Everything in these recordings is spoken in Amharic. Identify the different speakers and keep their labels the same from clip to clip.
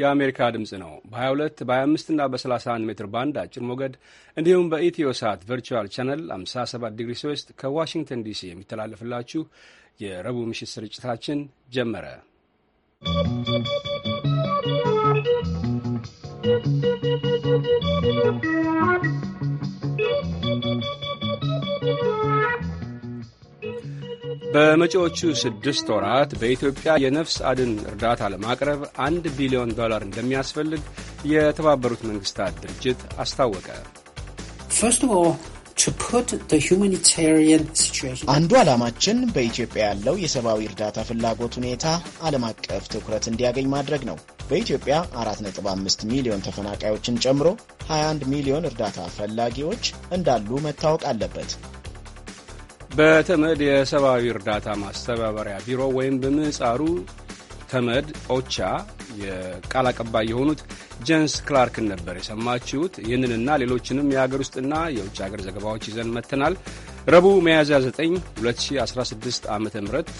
Speaker 1: የአሜሪካ ድምፅ ነው። በ22 በ25 እና በ31 ሜትር ባንድ አጭር ሞገድ እንዲሁም በኢትዮ ሰዓት ቨርቹዋል ቻነል 57 ዲግሪ 3 ከዋሽንግተን ዲሲ የሚተላለፍላችሁ የረቡዕ ምሽት ስርጭታችን ጀመረ። ¶¶ በመጪዎቹ ስድስት ወራት በኢትዮጵያ የነፍስ አድን እርዳታ ለማቅረብ አንድ ቢሊዮን ዶላር እንደሚያስፈልግ የተባበሩት መንግስታት ድርጅት አስታወቀ።
Speaker 2: አንዱ ዓላማችን በኢትዮጵያ ያለው የሰብአዊ እርዳታ ፍላጎት ሁኔታ ዓለም አቀፍ ትኩረት እንዲያገኝ ማድረግ ነው። በኢትዮጵያ 4.5 ሚሊዮን ተፈናቃዮችን ጨምሮ 21 ሚሊዮን እርዳታ ፈላጊዎች እንዳሉ መታወቅ አለበት።
Speaker 1: በተመድ የሰብአዊ እርዳታ ማስተባበሪያ ቢሮ ወይም በምህጻሩ ተመድ ኦቻ የቃል አቀባይ የሆኑት ጀንስ ክላርክን ነበር የሰማችሁት። ይህንንና ሌሎችንም የሀገር ውስጥና የውጭ ሀገር ዘገባዎች ይዘን መጥተናል። ረቡዕ ሚያዝያ 9 2016 ዓ ም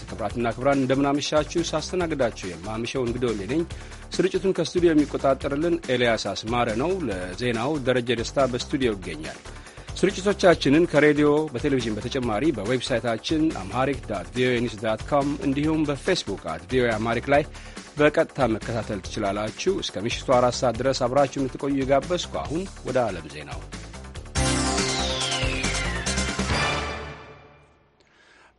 Speaker 1: ክብራትና ክብራን እንደምናመሻችሁ ሳስተናግዳችሁ የማምሸው እንግዲህ ወሌ ነኝ። ስርጭቱን ከስቱዲዮ የሚቆጣጠርልን ኤልያስ አስማረ ነው። ለዜናው ደረጀ ደስታ በስቱዲዮ ይገኛል። ስርጭቶቻችንን ከሬዲዮ በቴሌቪዥን በተጨማሪ በዌብሳይታችን አምሃሪክ ዳት ቪኦኤ ኒውስ ዳት እንዲሁም በፌስቡክ አት ቪኦኤ አምሃሪክ ላይ በቀጥታ መከታተል ትችላላችሁ። እስከ ምሽቱ አራት ሰዓት ድረስ አብራችሁ እንድትቆዩ የጋበዝኩ። አሁን ወደ ዓለም ዜናው።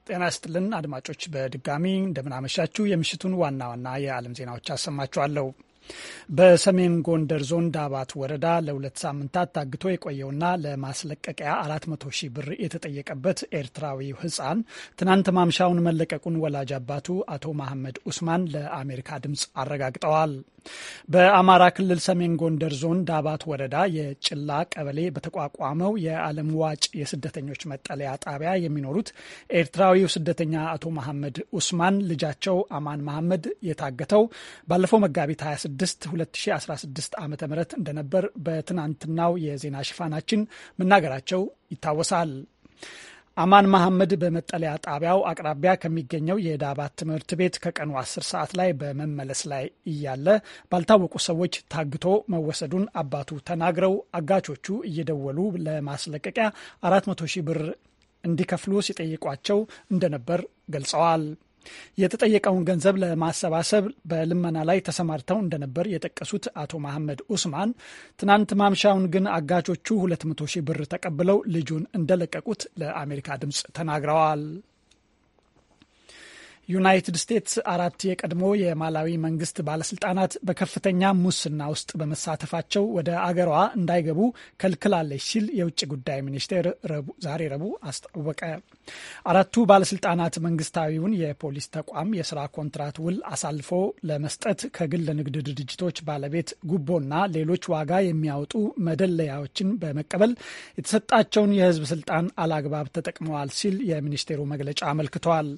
Speaker 3: ጤና ይስጥልን አድማጮች፣ በድጋሚ እንደምናመሻችሁ። የምሽቱን ዋና ዋና የዓለም ዜናዎች አሰማችኋለሁ። በሰሜን ጎንደር ዞን ዳባት ወረዳ ለሁለት ሳምንታት ታግቶ የቆየውና ለማስለቀቂያ 400 ሺህ ብር የተጠየቀበት ኤርትራዊው ህፃን ትናንት ማምሻውን መለቀቁን ወላጅ አባቱ አቶ መሐመድ ኡስማን ለአሜሪካ ድምፅ አረጋግጠዋል። በአማራ ክልል ሰሜን ጎንደር ዞን ዳባት ወረዳ የጭላ ቀበሌ በተቋቋመው የዓለም ዋጭ የስደተኞች መጠለያ ጣቢያ የሚኖሩት ኤርትራዊው ስደተኛ አቶ መሐመድ ኡስማን ልጃቸው አማን መሐመድ የታገተው ባለፈው መጋቢት 26 2016 ዓ ም እንደነበር በትናንትናው የዜና ሽፋናችን መናገራቸው ይታወሳል። አማን መሐመድ በመጠለያ ጣቢያው አቅራቢያ ከሚገኘው የዳባት ትምህርት ቤት ከቀኑ 10 ሰዓት ላይ በመመለስ ላይ እያለ ባልታወቁ ሰዎች ታግቶ መወሰዱን አባቱ ተናግረው አጋቾቹ እየደወሉ ለማስለቀቂያ 400 ሺህ ብር እንዲከፍሉ ሲጠይቋቸው እንደነበር ገልጸዋል። የተጠየቀውን ገንዘብ ለማሰባሰብ በልመና ላይ ተሰማርተው እንደነበር የጠቀሱት አቶ መሐመድ ኡስማን ትናንት ማምሻውን ግን አጋቾቹ 200 ሺህ ብር ተቀብለው ልጁን እንደለቀቁት ለአሜሪካ ድምፅ ተናግረዋል። ዩናይትድ ስቴትስ አራት የቀድሞ የማላዊ መንግስት ባለስልጣናት በከፍተኛ ሙስና ውስጥ በመሳተፋቸው ወደ አገሯ እንዳይገቡ ከልክላለች ሲል የውጭ ጉዳይ ሚኒስቴር ዛሬ ረቡዕ አስታወቀ። አራቱ ባለስልጣናት መንግስታዊውን የፖሊስ ተቋም የስራ ኮንትራት ውል አሳልፎ ለመስጠት ከግል ንግድ ድርጅቶች ባለቤት ጉቦና ሌሎች ዋጋ የሚያወጡ መደለያዎችን በመቀበል የተሰጣቸውን የህዝብ ስልጣን አላግባብ ተጠቅመዋል ሲል የሚኒስቴሩ መግለጫ አመልክተዋል።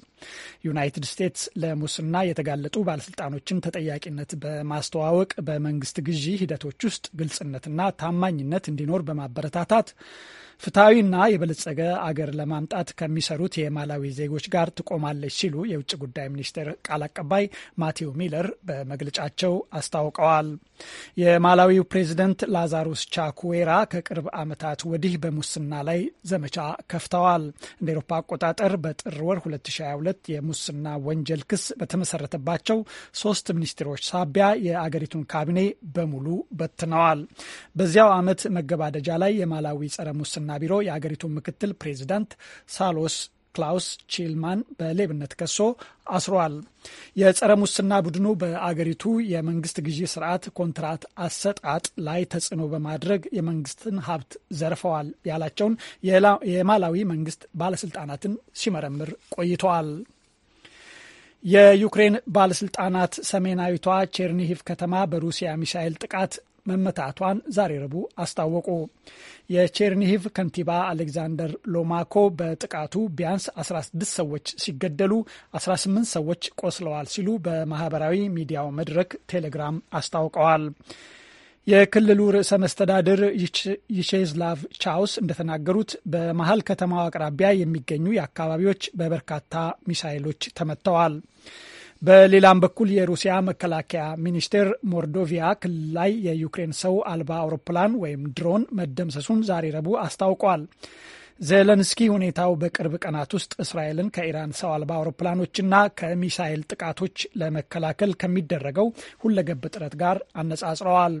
Speaker 3: ዩናይትድ ስቴትስ ለሙስና የተጋለጡ ባለስልጣኖችን ተጠያቂነት በማስተዋወቅ በመንግስት ግዢ ሂደቶች ውስጥ ግልጽነትና ታማኝነት እንዲኖር በማበረታታት ፍትሐዊና የበለጸገ አገር ለማምጣት ከሚ ከሚሰሩት የማላዊ ዜጎች ጋር ትቆማለች ሲሉ የውጭ ጉዳይ ሚኒስቴር ቃል አቀባይ ማቴው ሚለር በመግለጫቸው አስታውቀዋል። የማላዊው ፕሬዚደንት ላዛሩስ ቻኩዌራ ከቅርብ ዓመታት ወዲህ በሙስና ላይ ዘመቻ ከፍተዋል። እንደ ኤሮፓ አቆጣጠር በጥር ወር 2022 የሙስና ወንጀል ክስ በተመሰረተባቸው ሶስት ሚኒስትሮች ሳቢያ የአገሪቱን ካቢኔ በሙሉ በትነዋል። በዚያው ዓመት መገባደጃ ላይ የማላዊ ጸረ ሙስና ቢሮ የአገሪቱን ምክትል ፕሬዚዳንት ሳሎ ክላውስ ቺልማን በሌብነት ከሶ አስሯል። የጸረ ሙስና ቡድኑ በአገሪቱ የመንግስት ግዢ ስርዓት ኮንትራት አሰጣጥ ላይ ተጽዕኖ በማድረግ የመንግስትን ሀብት ዘርፈዋል ያላቸውን የማላዊ መንግስት ባለስልጣናትን ሲመረምር ቆይተዋል። የዩክሬን ባለስልጣናት ሰሜናዊቷ ቼርኒሂቭ ከተማ በሩሲያ ሚሳኤል ጥቃት መመታቷን ዛሬ ረቡ አስታወቁ። የቼርኒሂቭ ከንቲባ አሌክዛንደር ሎማኮ በጥቃቱ ቢያንስ 16 ሰዎች ሲገደሉ 18 ሰዎች ቆስለዋል ሲሉ በማህበራዊ ሚዲያው መድረክ ቴሌግራም አስታውቀዋል። የክልሉ ርዕሰ መስተዳድር ይቼዝላቭ ቻውስ እንደተናገሩት በመሀል ከተማው አቅራቢያ የሚገኙ የአካባቢዎች በበርካታ ሚሳይሎች ተመትተዋል። በሌላም በኩል የሩሲያ መከላከያ ሚኒስቴር ሞርዶቪያ ክልል ላይ የዩክሬን ሰው አልባ አውሮፕላን ወይም ድሮን መደምሰሱን ዛሬ ረቡዕ አስታውቋል። ዜለንስኪ ሁኔታው በቅርብ ቀናት ውስጥ እስራኤልን ከኢራን ሰው አልባ አውሮፕላኖችና ከሚሳይል ጥቃቶች ለመከላከል ከሚደረገው ሁለገብ ጥረት ጋር አነጻጽረዋል።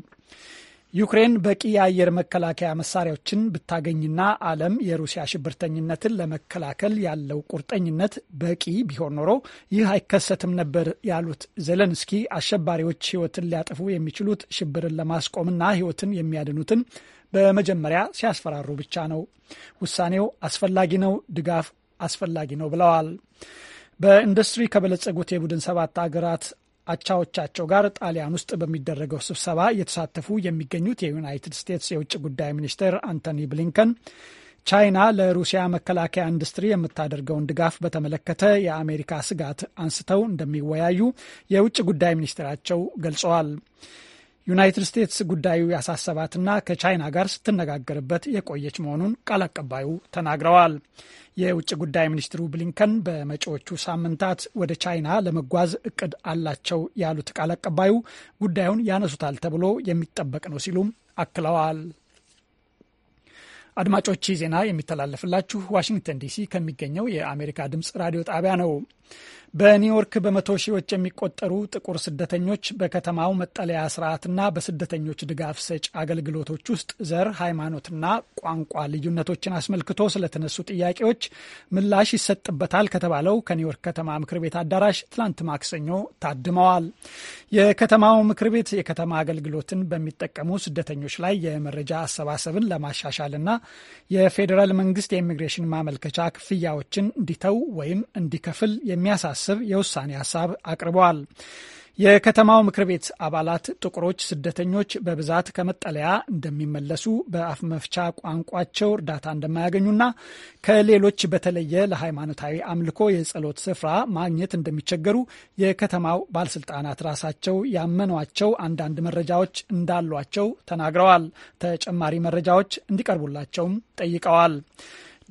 Speaker 3: ዩክሬን በቂ የአየር መከላከያ መሳሪያዎችን ብታገኝና ዓለም የሩሲያ ሽብርተኝነትን ለመከላከል ያለው ቁርጠኝነት በቂ ቢሆን ኖሮ ይህ አይከሰትም ነበር ያሉት ዜሌንስኪ አሸባሪዎች ሕይወትን ሊያጠፉ የሚችሉት ሽብርን ለማስቆምና ሕይወትን የሚያድኑትን በመጀመሪያ ሲያስፈራሩ ብቻ ነው። ውሳኔው አስፈላጊ ነው፣ ድጋፍ አስፈላጊ ነው ብለዋል። በኢንዱስትሪ ከበለጸጉት የቡድን ሰባት አገራት አቻዎቻቸው ጋር ጣሊያን ውስጥ በሚደረገው ስብሰባ እየተሳተፉ የሚገኙት የዩናይትድ ስቴትስ የውጭ ጉዳይ ሚኒስትር አንቶኒ ብሊንከን ቻይና ለሩሲያ መከላከያ ኢንዱስትሪ የምታደርገውን ድጋፍ በተመለከተ የአሜሪካ ስጋት አንስተው እንደሚወያዩ የውጭ ጉዳይ ሚኒስትራቸው ገልጸዋል። ዩናይትድ ስቴትስ ጉዳዩ ያሳሰባትና ከቻይና ጋር ስትነጋገርበት የቆየች መሆኑን ቃል አቀባዩ ተናግረዋል። የውጭ ጉዳይ ሚኒስትሩ ብሊንከን በመጪዎቹ ሳምንታት ወደ ቻይና ለመጓዝ እቅድ አላቸው ያሉት ቃል አቀባዩ ጉዳዩን ያነሱታል ተብሎ የሚጠበቅ ነው ሲሉም አክለዋል። አድማጮች ዜና የሚተላለፍላችሁ ዋሽንግተን ዲሲ ከሚገኘው የአሜሪካ ድምፅ ራዲዮ ጣቢያ ነው። በኒውዮርክ በመቶ ሺዎች የሚቆጠሩ ጥቁር ስደተኞች በከተማው መጠለያ ስርዓትና በስደተኞች ድጋፍ ሰጭ አገልግሎቶች ውስጥ ዘር፣ ሃይማኖትና ቋንቋ ልዩነቶችን አስመልክቶ ስለተነሱ ጥያቄዎች ምላሽ ይሰጥበታል ከተባለው ከኒውዮርክ ከተማ ምክር ቤት አዳራሽ ትላንት ማክሰኞ ታድመዋል። የከተማው ምክር ቤት የከተማ አገልግሎትን በሚጠቀሙ ስደተኞች ላይ የመረጃ አሰባሰብን ለማሻሻልና የፌዴራል መንግስት የኢሚግሬሽን ማመልከቻ ክፍያዎችን እንዲተው ወይም እንዲከፍል የሚያሳስብ የውሳኔ ሀሳብ አቅርበዋል። የከተማው ምክር ቤት አባላት ጥቁሮች ስደተኞች በብዛት ከመጠለያ እንደሚመለሱ በአፍ መፍቻ ቋንቋቸው እርዳታ እንደማያገኙና ከሌሎች በተለየ ለሃይማኖታዊ አምልኮ የጸሎት ስፍራ ማግኘት እንደሚቸገሩ የከተማው ባለስልጣናት ራሳቸው ያመኗቸው አንዳንድ መረጃዎች እንዳሏቸው ተናግረዋል። ተጨማሪ መረጃዎች እንዲቀርቡላቸውም ጠይቀዋል።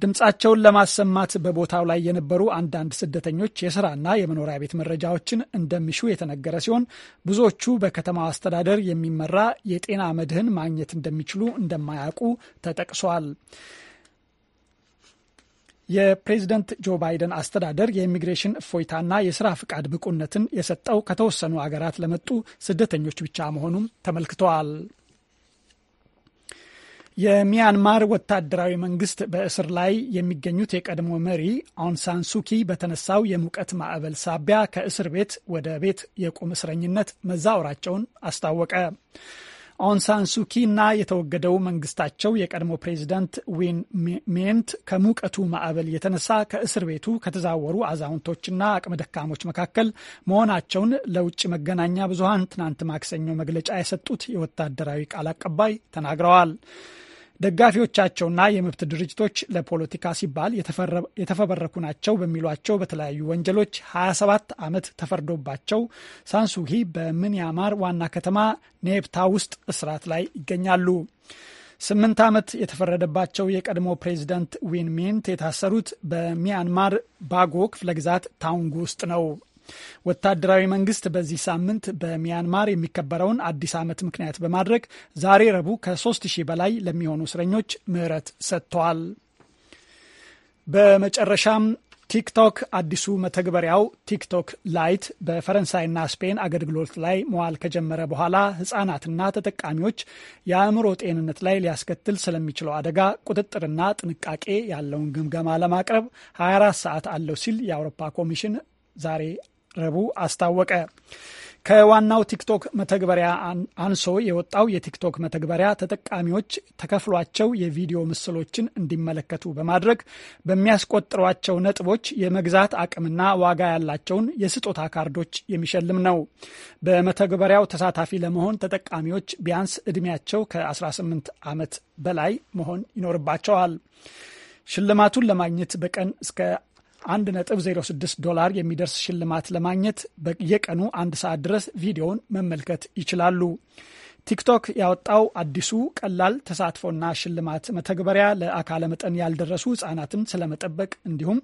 Speaker 3: ድምፃቸውን ለማሰማት በቦታው ላይ የነበሩ አንዳንድ ስደተኞች የስራና የመኖሪያ ቤት መረጃዎችን እንደሚሹ የተነገረ ሲሆን ብዙዎቹ በከተማው አስተዳደር የሚመራ የጤና መድህን ማግኘት እንደሚችሉ እንደማያውቁ ተጠቅሷል። የፕሬዝደንት ጆ ባይደን አስተዳደር የኢሚግሬሽን እፎይታና የስራ ፍቃድ ብቁነትን የሰጠው ከተወሰኑ አገራት ለመጡ ስደተኞች ብቻ መሆኑም ተመልክተዋል። የሚያንማር ወታደራዊ መንግስት በእስር ላይ የሚገኙት የቀድሞ መሪ አውንሳን ሱኪ በተነሳው የሙቀት ማዕበል ሳቢያ ከእስር ቤት ወደ ቤት የቁም እስረኝነት መዛወራቸውን አስታወቀ። አውንሳን ሱኪ እና የተወገደው መንግስታቸው የቀድሞ ፕሬዚደንት ዊን ሜንት ከሙቀቱ ማዕበል የተነሳ ከእስር ቤቱ ከተዛወሩ አዛውንቶችና አቅመ ደካሞች መካከል መሆናቸውን ለውጭ መገናኛ ብዙሀን ትናንት ማክሰኞ መግለጫ የሰጡት የወታደራዊ ቃል አቀባይ ተናግረዋል። ደጋፊዎቻቸውና የመብት ድርጅቶች ለፖለቲካ ሲባል የተፈበረኩ ናቸው በሚሏቸው በተለያዩ ወንጀሎች 27 ዓመት ተፈርዶባቸው ሳንሱሂ በምንያማር ዋና ከተማ ኔፕታ ውስጥ እስራት ላይ ይገኛሉ። ስምንት ዓመት የተፈረደባቸው የቀድሞ ፕሬዚደንት ዊን ሚንት የታሰሩት በሚያንማር ባጎ ክፍለ ግዛት ታውንግ ውስጥ ነው። ወታደራዊ መንግስት በዚህ ሳምንት በሚያንማር የሚከበረውን አዲስ ዓመት ምክንያት በማድረግ ዛሬ ረቡዕ ከ3 ሺህ በላይ ለሚሆኑ እስረኞች ምህረት ሰጥተዋል። በመጨረሻም ቲክቶክ አዲሱ መተግበሪያው ቲክቶክ ላይት በፈረንሳይና ስፔን አገልግሎት ላይ መዋል ከጀመረ በኋላ ህጻናትና ተጠቃሚዎች የአእምሮ ጤንነት ላይ ሊያስከትል ስለሚችለው አደጋ ቁጥጥርና ጥንቃቄ ያለውን ግምገማ ለማቅረብ 24 ሰዓት አለው ሲል የአውሮፓ ኮሚሽን ዛሬ ረቡዕ አስታወቀ። ከዋናው ቲክቶክ መተግበሪያ አንሶ የወጣው የቲክቶክ መተግበሪያ ተጠቃሚዎች ተከፍሏቸው የቪዲዮ ምስሎችን እንዲመለከቱ በማድረግ በሚያስቆጥሯቸው ነጥቦች የመግዛት አቅምና ዋጋ ያላቸውን የስጦታ ካርዶች የሚሸልም ነው። በመተግበሪያው ተሳታፊ ለመሆን ተጠቃሚዎች ቢያንስ ዕድሜያቸው ከ18 ዓመት በላይ መሆን ይኖርባቸዋል። ሽልማቱን ለማግኘት በቀን እስከ 1.06 ዶላር የሚደርስ ሽልማት ለማግኘት በየቀኑ አንድ ሰዓት ድረስ ቪዲዮውን መመልከት ይችላሉ። ቲክቶክ ያወጣው አዲሱ ቀላል ተሳትፎና ሽልማት መተግበሪያ ለአካለ መጠን ያልደረሱ ህጻናትን ስለመጠበቅ እንዲሁም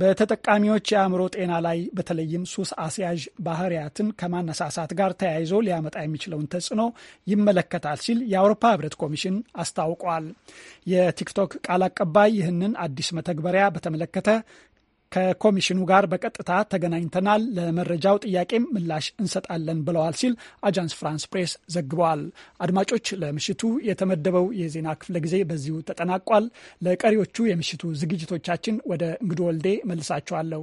Speaker 3: በተጠቃሚዎች የአእምሮ ጤና ላይ በተለይም ሱስ አስያዥ ባህሪያትን ከማነሳሳት ጋር ተያይዞ ሊያመጣ የሚችለውን ተጽዕኖ ይመለከታል ሲል የአውሮፓ ህብረት ኮሚሽን አስታውቋል። የቲክቶክ ቃል አቀባይ ይህንን አዲስ መተግበሪያ በተመለከተ ከኮሚሽኑ ጋር በቀጥታ ተገናኝተናል፣ ለመረጃው ጥያቄም ምላሽ እንሰጣለን ብለዋል ሲል አጃንስ ፍራንስ ፕሬስ ዘግበዋል። አድማጮች፣ ለምሽቱ የተመደበው የዜና ክፍለ ጊዜ በዚሁ ተጠናቋል። ለቀሪዎቹ የምሽቱ ዝግጅቶቻችን ወደ እንግዶ ወልዴ መልሳችኋለሁ።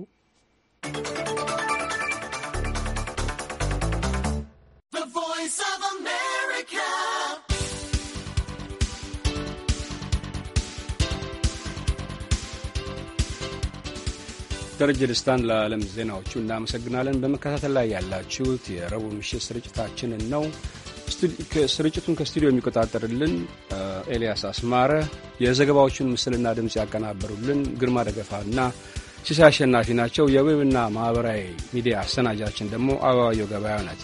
Speaker 1: ደረጀ ደስታን ለዓለም ዜናዎቹ እናመሰግናለን። በመከታተል ላይ ያላችሁት የረቡዕ ምሽት ስርጭታችንን ነው። ስርጭቱን ከስቱዲዮ የሚቆጣጠርልን ኤልያስ አስማረ፣ የዘገባዎቹን ምስልና ድምፅ ያቀናበሩልን ግርማ ደገፋና ሲሳይ አሸናፊ ናቸው። የዌብና ማኅበራዊ ሚዲያ አሰናጃችን ደግሞ አበባየሁ ገበያ ናት።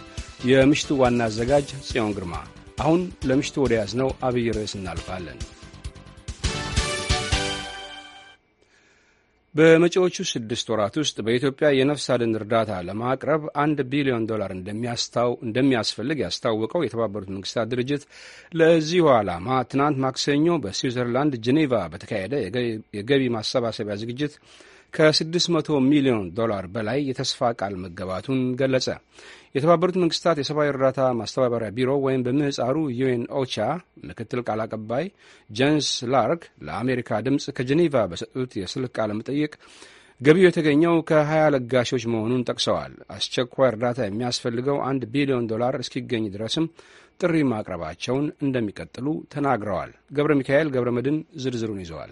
Speaker 1: የምሽቱ ዋና አዘጋጅ ጽዮን ግርማ። አሁን ለምሽቱ ወደ ያዝነው አብይ ርዕስ እናልፋለን። በመጪዎቹ ስድስት ወራት ውስጥ በኢትዮጵያ የነፍስ አድን እርዳታ ለማቅረብ አንድ ቢሊዮን ዶላር እንደሚያስፈልግ ያስታወቀው የተባበሩት መንግስታት ድርጅት ለዚሁ ዓላማ ትናንት ማክሰኞ በስዊዘርላንድ ጄኔቫ በተካሄደ የገቢ ማሰባሰቢያ ዝግጅት ከ600 ሚሊዮን ዶላር በላይ የተስፋ ቃል መገባቱን ገለጸ። የተባበሩት መንግስታት የሰብአዊ እርዳታ ማስተባበሪያ ቢሮ ወይም በምህፃሩ ዩኤን ኦቻ ምክትል ቃል አቀባይ ጀንስ ላርክ ለአሜሪካ ድምፅ ከጀኔቫ በሰጡት የስልክ ቃለ መጠይቅ ገቢው የተገኘው ከ20 ለጋሾች መሆኑን ጠቅሰዋል። አስቸኳይ እርዳታ የሚያስፈልገው አንድ ቢሊዮን ዶላር እስኪገኝ ድረስም ጥሪ ማቅረባቸውን እንደሚቀጥሉ ተናግረዋል። ገብረ ሚካኤል ገብረ መድን ዝርዝሩን ይዘዋል።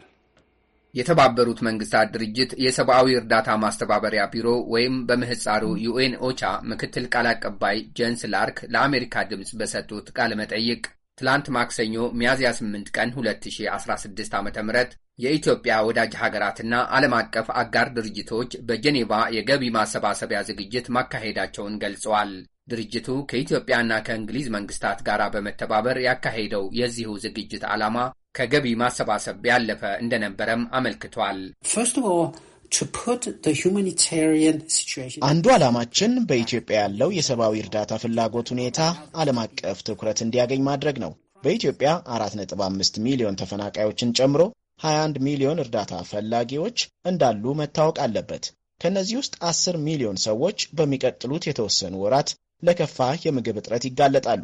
Speaker 4: የተባበሩት መንግስታት ድርጅት የሰብአዊ እርዳታ ማስተባበሪያ ቢሮ ወይም በምህፃሩ ዩኤን ኦቻ ምክትል ቃል አቀባይ ጀንስ ላርክ ለአሜሪካ ድምፅ በሰጡት ቃለ መጠይቅ ትላንት ማክሰኞ ሚያዝያ 8 ቀን 2016 ዓ ም የኢትዮጵያ ወዳጅ ሀገራትና ዓለም አቀፍ አጋር ድርጅቶች በጄኔቫ የገቢ ማሰባሰቢያ ዝግጅት ማካሄዳቸውን ገልጸዋል። ድርጅቱ ከኢትዮጵያና ከእንግሊዝ መንግስታት ጋር በመተባበር ያካሄደው የዚሁ ዝግጅት ዓላማ ከገቢ ማሰባሰብ ያለፈ እንደነበረም አመልክቷል።
Speaker 2: አንዱ ዓላማችን በኢትዮጵያ ያለው የሰብአዊ እርዳታ ፍላጎት ሁኔታ ዓለም አቀፍ ትኩረት እንዲያገኝ ማድረግ ነው። በኢትዮጵያ 4.5 ሚሊዮን ተፈናቃዮችን ጨምሮ 21 ሚሊዮን እርዳታ ፈላጊዎች እንዳሉ መታወቅ አለበት። ከእነዚህ ውስጥ 10 ሚሊዮን ሰዎች በሚቀጥሉት የተወሰኑ ወራት ለከፋ የምግብ እጥረት ይጋለጣሉ።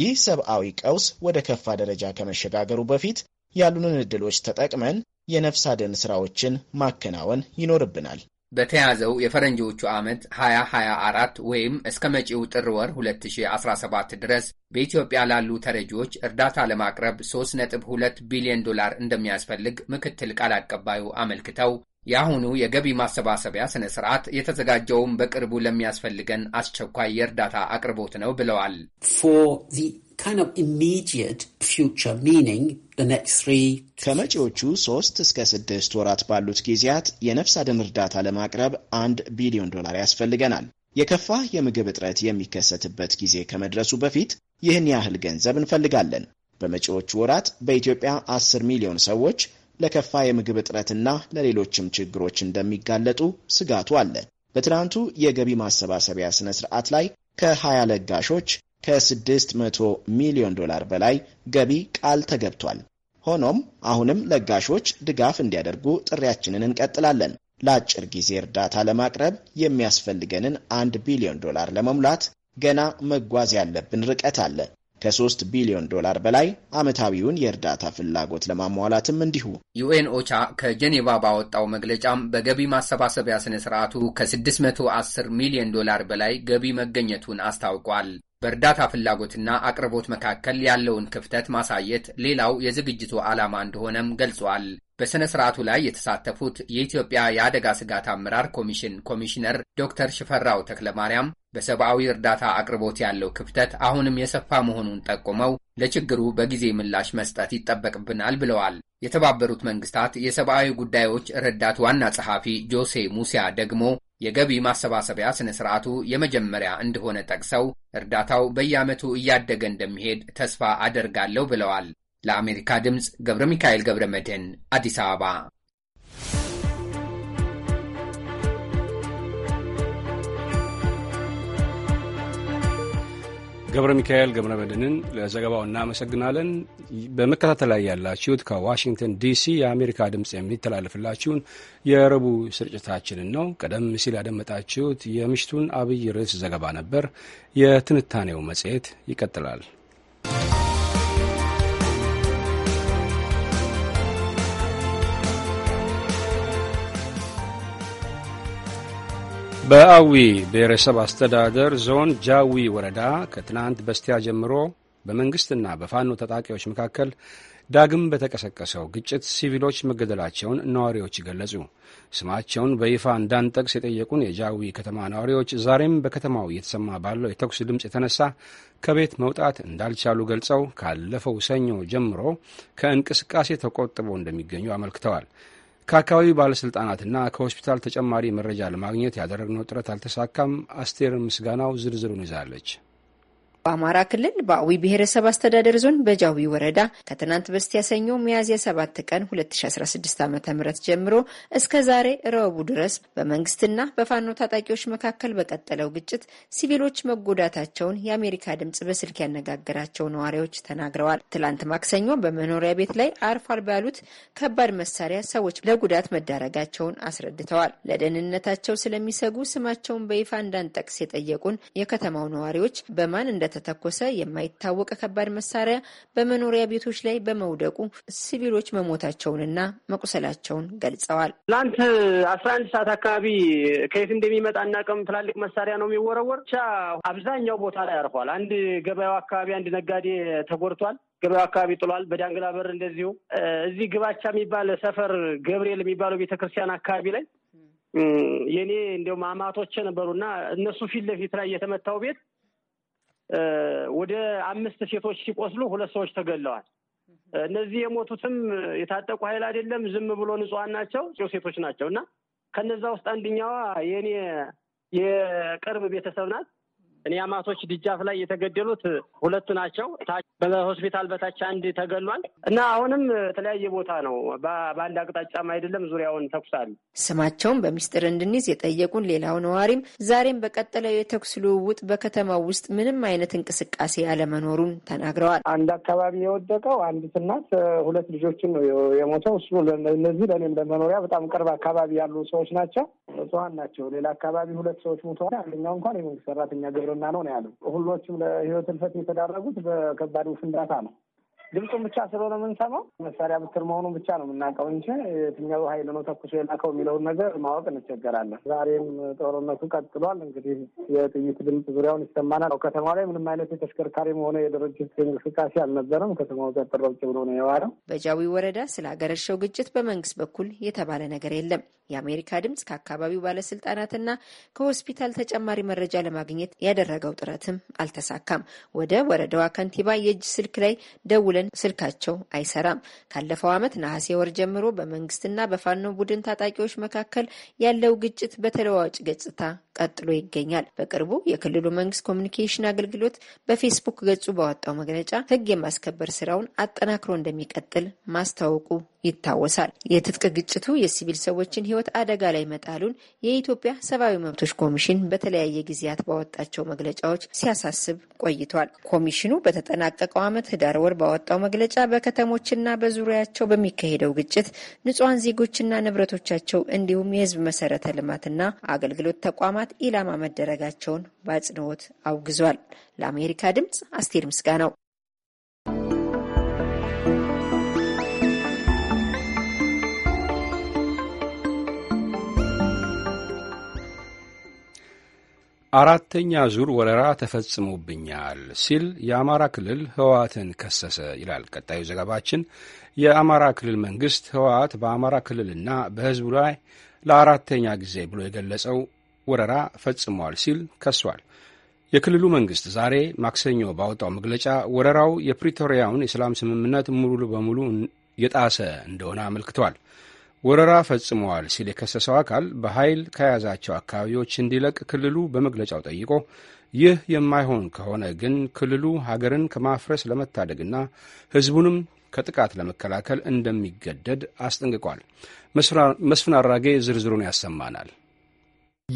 Speaker 2: ይህ ሰብአዊ ቀውስ ወደ ከፋ ደረጃ ከመሸጋገሩ በፊት ያሉንን እድሎች ተጠቅመን የነፍስ አድን ስራዎችን ማከናወን ይኖርብናል።
Speaker 4: በተያዘው የፈረንጆቹ ዓመት 2024 ወይም እስከ መጪው ጥር ወር 2017 ድረስ በኢትዮጵያ ላሉ ተረጂዎች እርዳታ ለማቅረብ 3.2 ቢሊዮን ዶላር እንደሚያስፈልግ ምክትል ቃል አቀባዩ አመልክተው የአሁኑ የገቢ ማሰባሰቢያ ስነ ስርዓት የተዘጋጀውም በቅርቡ ለሚያስፈልገን አስቸኳይ የእርዳታ አቅርቦት ነው ብለዋል።
Speaker 2: ከመጪዎቹ ሶስት እስከ ስድስት ወራት ባሉት ጊዜያት የነፍስ አድን እርዳታ ለማቅረብ አንድ ቢሊዮን ዶላር ያስፈልገናል። የከፋ የምግብ እጥረት የሚከሰትበት ጊዜ ከመድረሱ በፊት ይህን ያህል ገንዘብ እንፈልጋለን። በመጪዎቹ ወራት በኢትዮጵያ አስር ሚሊዮን ሰዎች ለከፋ የምግብ እጥረትና ለሌሎችም ችግሮች እንደሚጋለጡ ስጋቱ አለ። በትናንቱ የገቢ ማሰባሰቢያ ስነ ስርዓት ላይ ከ20 ለጋሾች ከ600 ሚሊዮን ዶላር በላይ ገቢ ቃል ተገብቷል። ሆኖም አሁንም ለጋሾች ድጋፍ እንዲያደርጉ ጥሪያችንን እንቀጥላለን። ለአጭር ጊዜ እርዳታ ለማቅረብ የሚያስፈልገንን አንድ ቢሊዮን ዶላር ለመሙላት ገና መጓዝ ያለብን ርቀት አለ። ከ3 ቢሊዮን ዶላር በላይ ዓመታዊውን የእርዳታ ፍላጎት ለማሟላትም እንዲሁ
Speaker 4: ዩኤን ኦቻ ከጀኔቫ ባወጣው መግለጫም በገቢ ማሰባሰቢያ ስነ ስርዓቱ ከ610 ሚሊዮን ዶላር በላይ ገቢ መገኘቱን አስታውቋል። በእርዳታ ፍላጎትና አቅርቦት መካከል ያለውን ክፍተት ማሳየት ሌላው የዝግጅቱ ዓላማ እንደሆነም ገልጿል። በሥነ ሥርዓቱ ላይ የተሳተፉት የኢትዮጵያ የአደጋ ስጋት አመራር ኮሚሽን ኮሚሽነር ዶክተር ሽፈራው ተክለማርያም በሰብአዊ እርዳታ አቅርቦት ያለው ክፍተት አሁንም የሰፋ መሆኑን ጠቁመው ለችግሩ በጊዜ ምላሽ መስጠት ይጠበቅብናል ብለዋል። የተባበሩት መንግስታት የሰብአዊ ጉዳዮች ረዳት ዋና ጸሐፊ ጆሴ ሙሲያ ደግሞ የገቢ ማሰባሰቢያ ስነ ስርዓቱ የመጀመሪያ እንደሆነ ጠቅሰው እርዳታው በየዓመቱ እያደገ እንደሚሄድ ተስፋ አደርጋለሁ ብለዋል። ለአሜሪካ ድምፅ ገብረ ሚካኤል ገብረ መድህን አዲስ አበባ
Speaker 1: ገብረ ሚካኤል ገብረ መድህንን ለዘገባው እናመሰግናለን። በመከታተል ላይ ያላችሁት ከዋሽንግተን ዲሲ የአሜሪካ ድምፅ የሚተላለፍላችሁን የረቡዕ ስርጭታችንን ነው። ቀደም ሲል ያደመጣችሁት የምሽቱን አብይ ርዕስ ዘገባ ነበር። የትንታኔው መጽሔት ይቀጥላል። በአዊ ብሔረሰብ አስተዳደር ዞን ጃዊ ወረዳ ከትናንት በስቲያ ጀምሮ በመንግሥትና በፋኖ ታጣቂዎች መካከል ዳግም በተቀሰቀሰው ግጭት ሲቪሎች መገደላቸውን ነዋሪዎች ገለጹ። ስማቸውን በይፋ እንዳንጠቅስ የጠየቁን የጃዊ ከተማ ነዋሪዎች ዛሬም በከተማው እየተሰማ ባለው የተኩስ ድምፅ የተነሳ ከቤት መውጣት እንዳልቻሉ ገልጸው ካለፈው ሰኞ ጀምሮ ከእንቅስቃሴ ተቆጥበው እንደሚገኙ አመልክተዋል። ከአካባቢው ባለሥልጣናትና ከሆስፒታል ተጨማሪ መረጃ ለማግኘት ያደረግነው ጥረት አልተሳካም። አስቴር ምስጋናው ዝርዝሩን ይዛለች።
Speaker 5: በአማራ ክልል በአዊ ብሔረሰብ አስተዳደር ዞን በጃዊ ወረዳ ከትናንት በስቲያ ሰኞ ሚያዝያ 7 ቀን 2016 ዓ ም ጀምሮ እስከ ዛሬ ረቡ ድረስ በመንግስትና በፋኖ ታጣቂዎች መካከል በቀጠለው ግጭት ሲቪሎች መጎዳታቸውን የአሜሪካ ድምጽ በስልክ ያነጋገራቸው ነዋሪዎች ተናግረዋል። ትላንት ማክሰኞ በመኖሪያ ቤት ላይ አርፏል ባሉት ከባድ መሳሪያ ሰዎች ለጉዳት መዳረጋቸውን አስረድተዋል። ለደህንነታቸው ስለሚሰጉ ስማቸውን በይፋ እንዳንጠቅስ የጠየቁን የከተማው ነዋሪዎች በማን እንደ የተተኮሰ የማይታወቅ ከባድ መሳሪያ በመኖሪያ ቤቶች ላይ በመውደቁ ሲቪሎች መሞታቸውንና መቁሰላቸውን ገልጸዋል።
Speaker 6: ትላንት አስራ አንድ ሰዓት አካባቢ ከየት እንደሚመጣ እናቅም ትላልቅ መሳሪያ ነው የሚወረወር ብቻ አብዛኛው ቦታ ላይ አርፏል። አንድ ገበያው አካባቢ አንድ ነጋዴ ተጎድቷል። ገበያው አካባቢ ጥሏል። በዳንግላ በር እንደዚሁ እዚህ ግባቻ የሚባል ሰፈር ገብርኤል የሚባለው ቤተክርስቲያን አካባቢ ላይ የኔ እንዲሁም አማቶች ነበሩና እነሱ ፊት ለፊት ላይ የተመታው ቤት ወደ አምስት ሴቶች ሲቆስሉ ሁለት ሰዎች ተገለዋል። እነዚህ የሞቱትም የታጠቁ ኃይል አይደለም፣ ዝም ብሎ ንጹሐን ናቸው፣ ጽው ሴቶች ናቸው እና ከነዛ ውስጥ አንደኛዋ የእኔ የቅርብ ቤተሰብ ናት። እኔ አማቶች ድጃፍ ላይ የተገደሉት ሁለቱ ናቸው። በሆስፒታል በታች አንድ ተገሏል
Speaker 5: እና አሁንም የተለያየ ቦታ ነው። በአንድ
Speaker 6: አቅጣጫም አይደለም፣ ዙሪያውን ተኩስ አለ።
Speaker 5: ስማቸውን በሚስጥር እንድንይዝ የጠየቁን ሌላው ነዋሪም ዛሬም በቀጠለው የተኩስ ልውውጥ በከተማው ውስጥ ምንም አይነት እንቅስቃሴ አለመኖሩን
Speaker 6: ተናግረዋል።
Speaker 3: አንድ አካባቢ የወደቀው አንድ እናት ሁለት ልጆችን ነው የሞተው። እሱ እነዚህ ለእኔም ለመኖሪያ በጣም ቅርብ አካባቢ ያሉ ሰዎች ናቸው፣
Speaker 7: እጽዋን ናቸው። ሌላ አካባቢ ሁለት ሰዎች ሞተዋል። አንደኛው እንኳን የመንግስት ሰራተኛ ገብረ በግብርና ነው ነው ያለው። ሁሎችም ለህይወት ህልፈት የተዳረጉት በከባዱ ፍንዳታ ነው።
Speaker 6: ድምፁን ብቻ ስለሆነ የምንሰማው መሳሪያ
Speaker 7: ብትር መሆኑን ብቻ ነው የምናውቀው እንጂ የትኛው ኃይል ነው ተኩሶ የላከው የሚለውን ነገር ማወቅ እንቸገራለን። ዛሬም ጦርነቱ ቀጥሏል። እንግዲህ የጥይት ድምፅ ዙሪያውን ይሰማናል። ከተማ ላይ ምንም አይነት የተሽከርካሪም ሆነ የድርጅት እንቅስቃሴ አልነበረም። ከተማው ጸጥ ብሎ ነው የዋለው። በጃዊ
Speaker 5: ወረዳ ስለ አገረሸው ግጭት በመንግስት በኩል የተባለ ነገር የለም። የአሜሪካ ድምፅ ከአካባቢው ባለስልጣናትና ከሆስፒታል ተጨማሪ መረጃ ለማግኘት ያደረገው ጥረትም አልተሳካም። ወደ ወረዳዋ ከንቲባ የእጅ ስልክ ላይ ደውለ ደውለን ስልካቸው አይሰራም። ካለፈው ዓመት ነሐሴ ወር ጀምሮ በመንግስትና በፋኖ ቡድን ታጣቂዎች መካከል ያለው ግጭት በተለዋዋጭ ገጽታ ቀጥሎ ይገኛል። በቅርቡ የክልሉ መንግስት ኮሚኒኬሽን አገልግሎት በፌስቡክ ገጹ ባወጣው መግለጫ ሕግ የማስከበር ስራውን አጠናክሮ እንደሚቀጥል ማስታወቁ ይታወሳል። የትጥቅ ግጭቱ የሲቪል ሰዎችን ሕይወት አደጋ ላይ መጣሉን የኢትዮጵያ ሰብአዊ መብቶች ኮሚሽን በተለያየ ጊዜያት ባወጣቸው መግለጫዎች ሲያሳስብ ቆይቷል። ኮሚሽኑ በተጠናቀቀው ዓመት ህዳር ወር ባወጣው መግለጫ በከተሞችና በዙሪያቸው በሚካሄደው ግጭት ንጹሐን ዜጎችና ንብረቶቻቸው እንዲሁም የህዝብ መሰረተ ልማትና አገልግሎት ተቋማት ኢላማ መደረጋቸውን በአጽንኦት አውግዟል። ለአሜሪካ ድምጽ አስቴር ነው።
Speaker 1: አራተኛ ዙር ወረራ ተፈጽሞብኛል ሲል የአማራ ክልል ህወሓትን ከሰሰ ይላል ቀጣዩ ዘገባችን። የአማራ ክልል መንግስት ህወሓት በአማራ ክልልና በህዝቡ ላይ ለአራተኛ ጊዜ ብሎ የገለጸው ወረራ ፈጽሟል ሲል ከሷል። የክልሉ መንግስት ዛሬ ማክሰኞ ባወጣው መግለጫ ወረራው የፕሪቶሪያውን የሰላም ስምምነት ሙሉ በሙሉ የጣሰ እንደሆነ አመልክቷል። ወረራ ፈጽመዋል ሲል የከሰሰው አካል በኃይል ከያዛቸው አካባቢዎች እንዲለቅ ክልሉ በመግለጫው ጠይቆ ይህ የማይሆን ከሆነ ግን ክልሉ ሀገርን ከማፍረስ ለመታደግና ሕዝቡንም ከጥቃት ለመከላከል እንደሚገደድ አስጠንቅቋል። መስፍን አራጌ ዝርዝሩን ያሰማናል።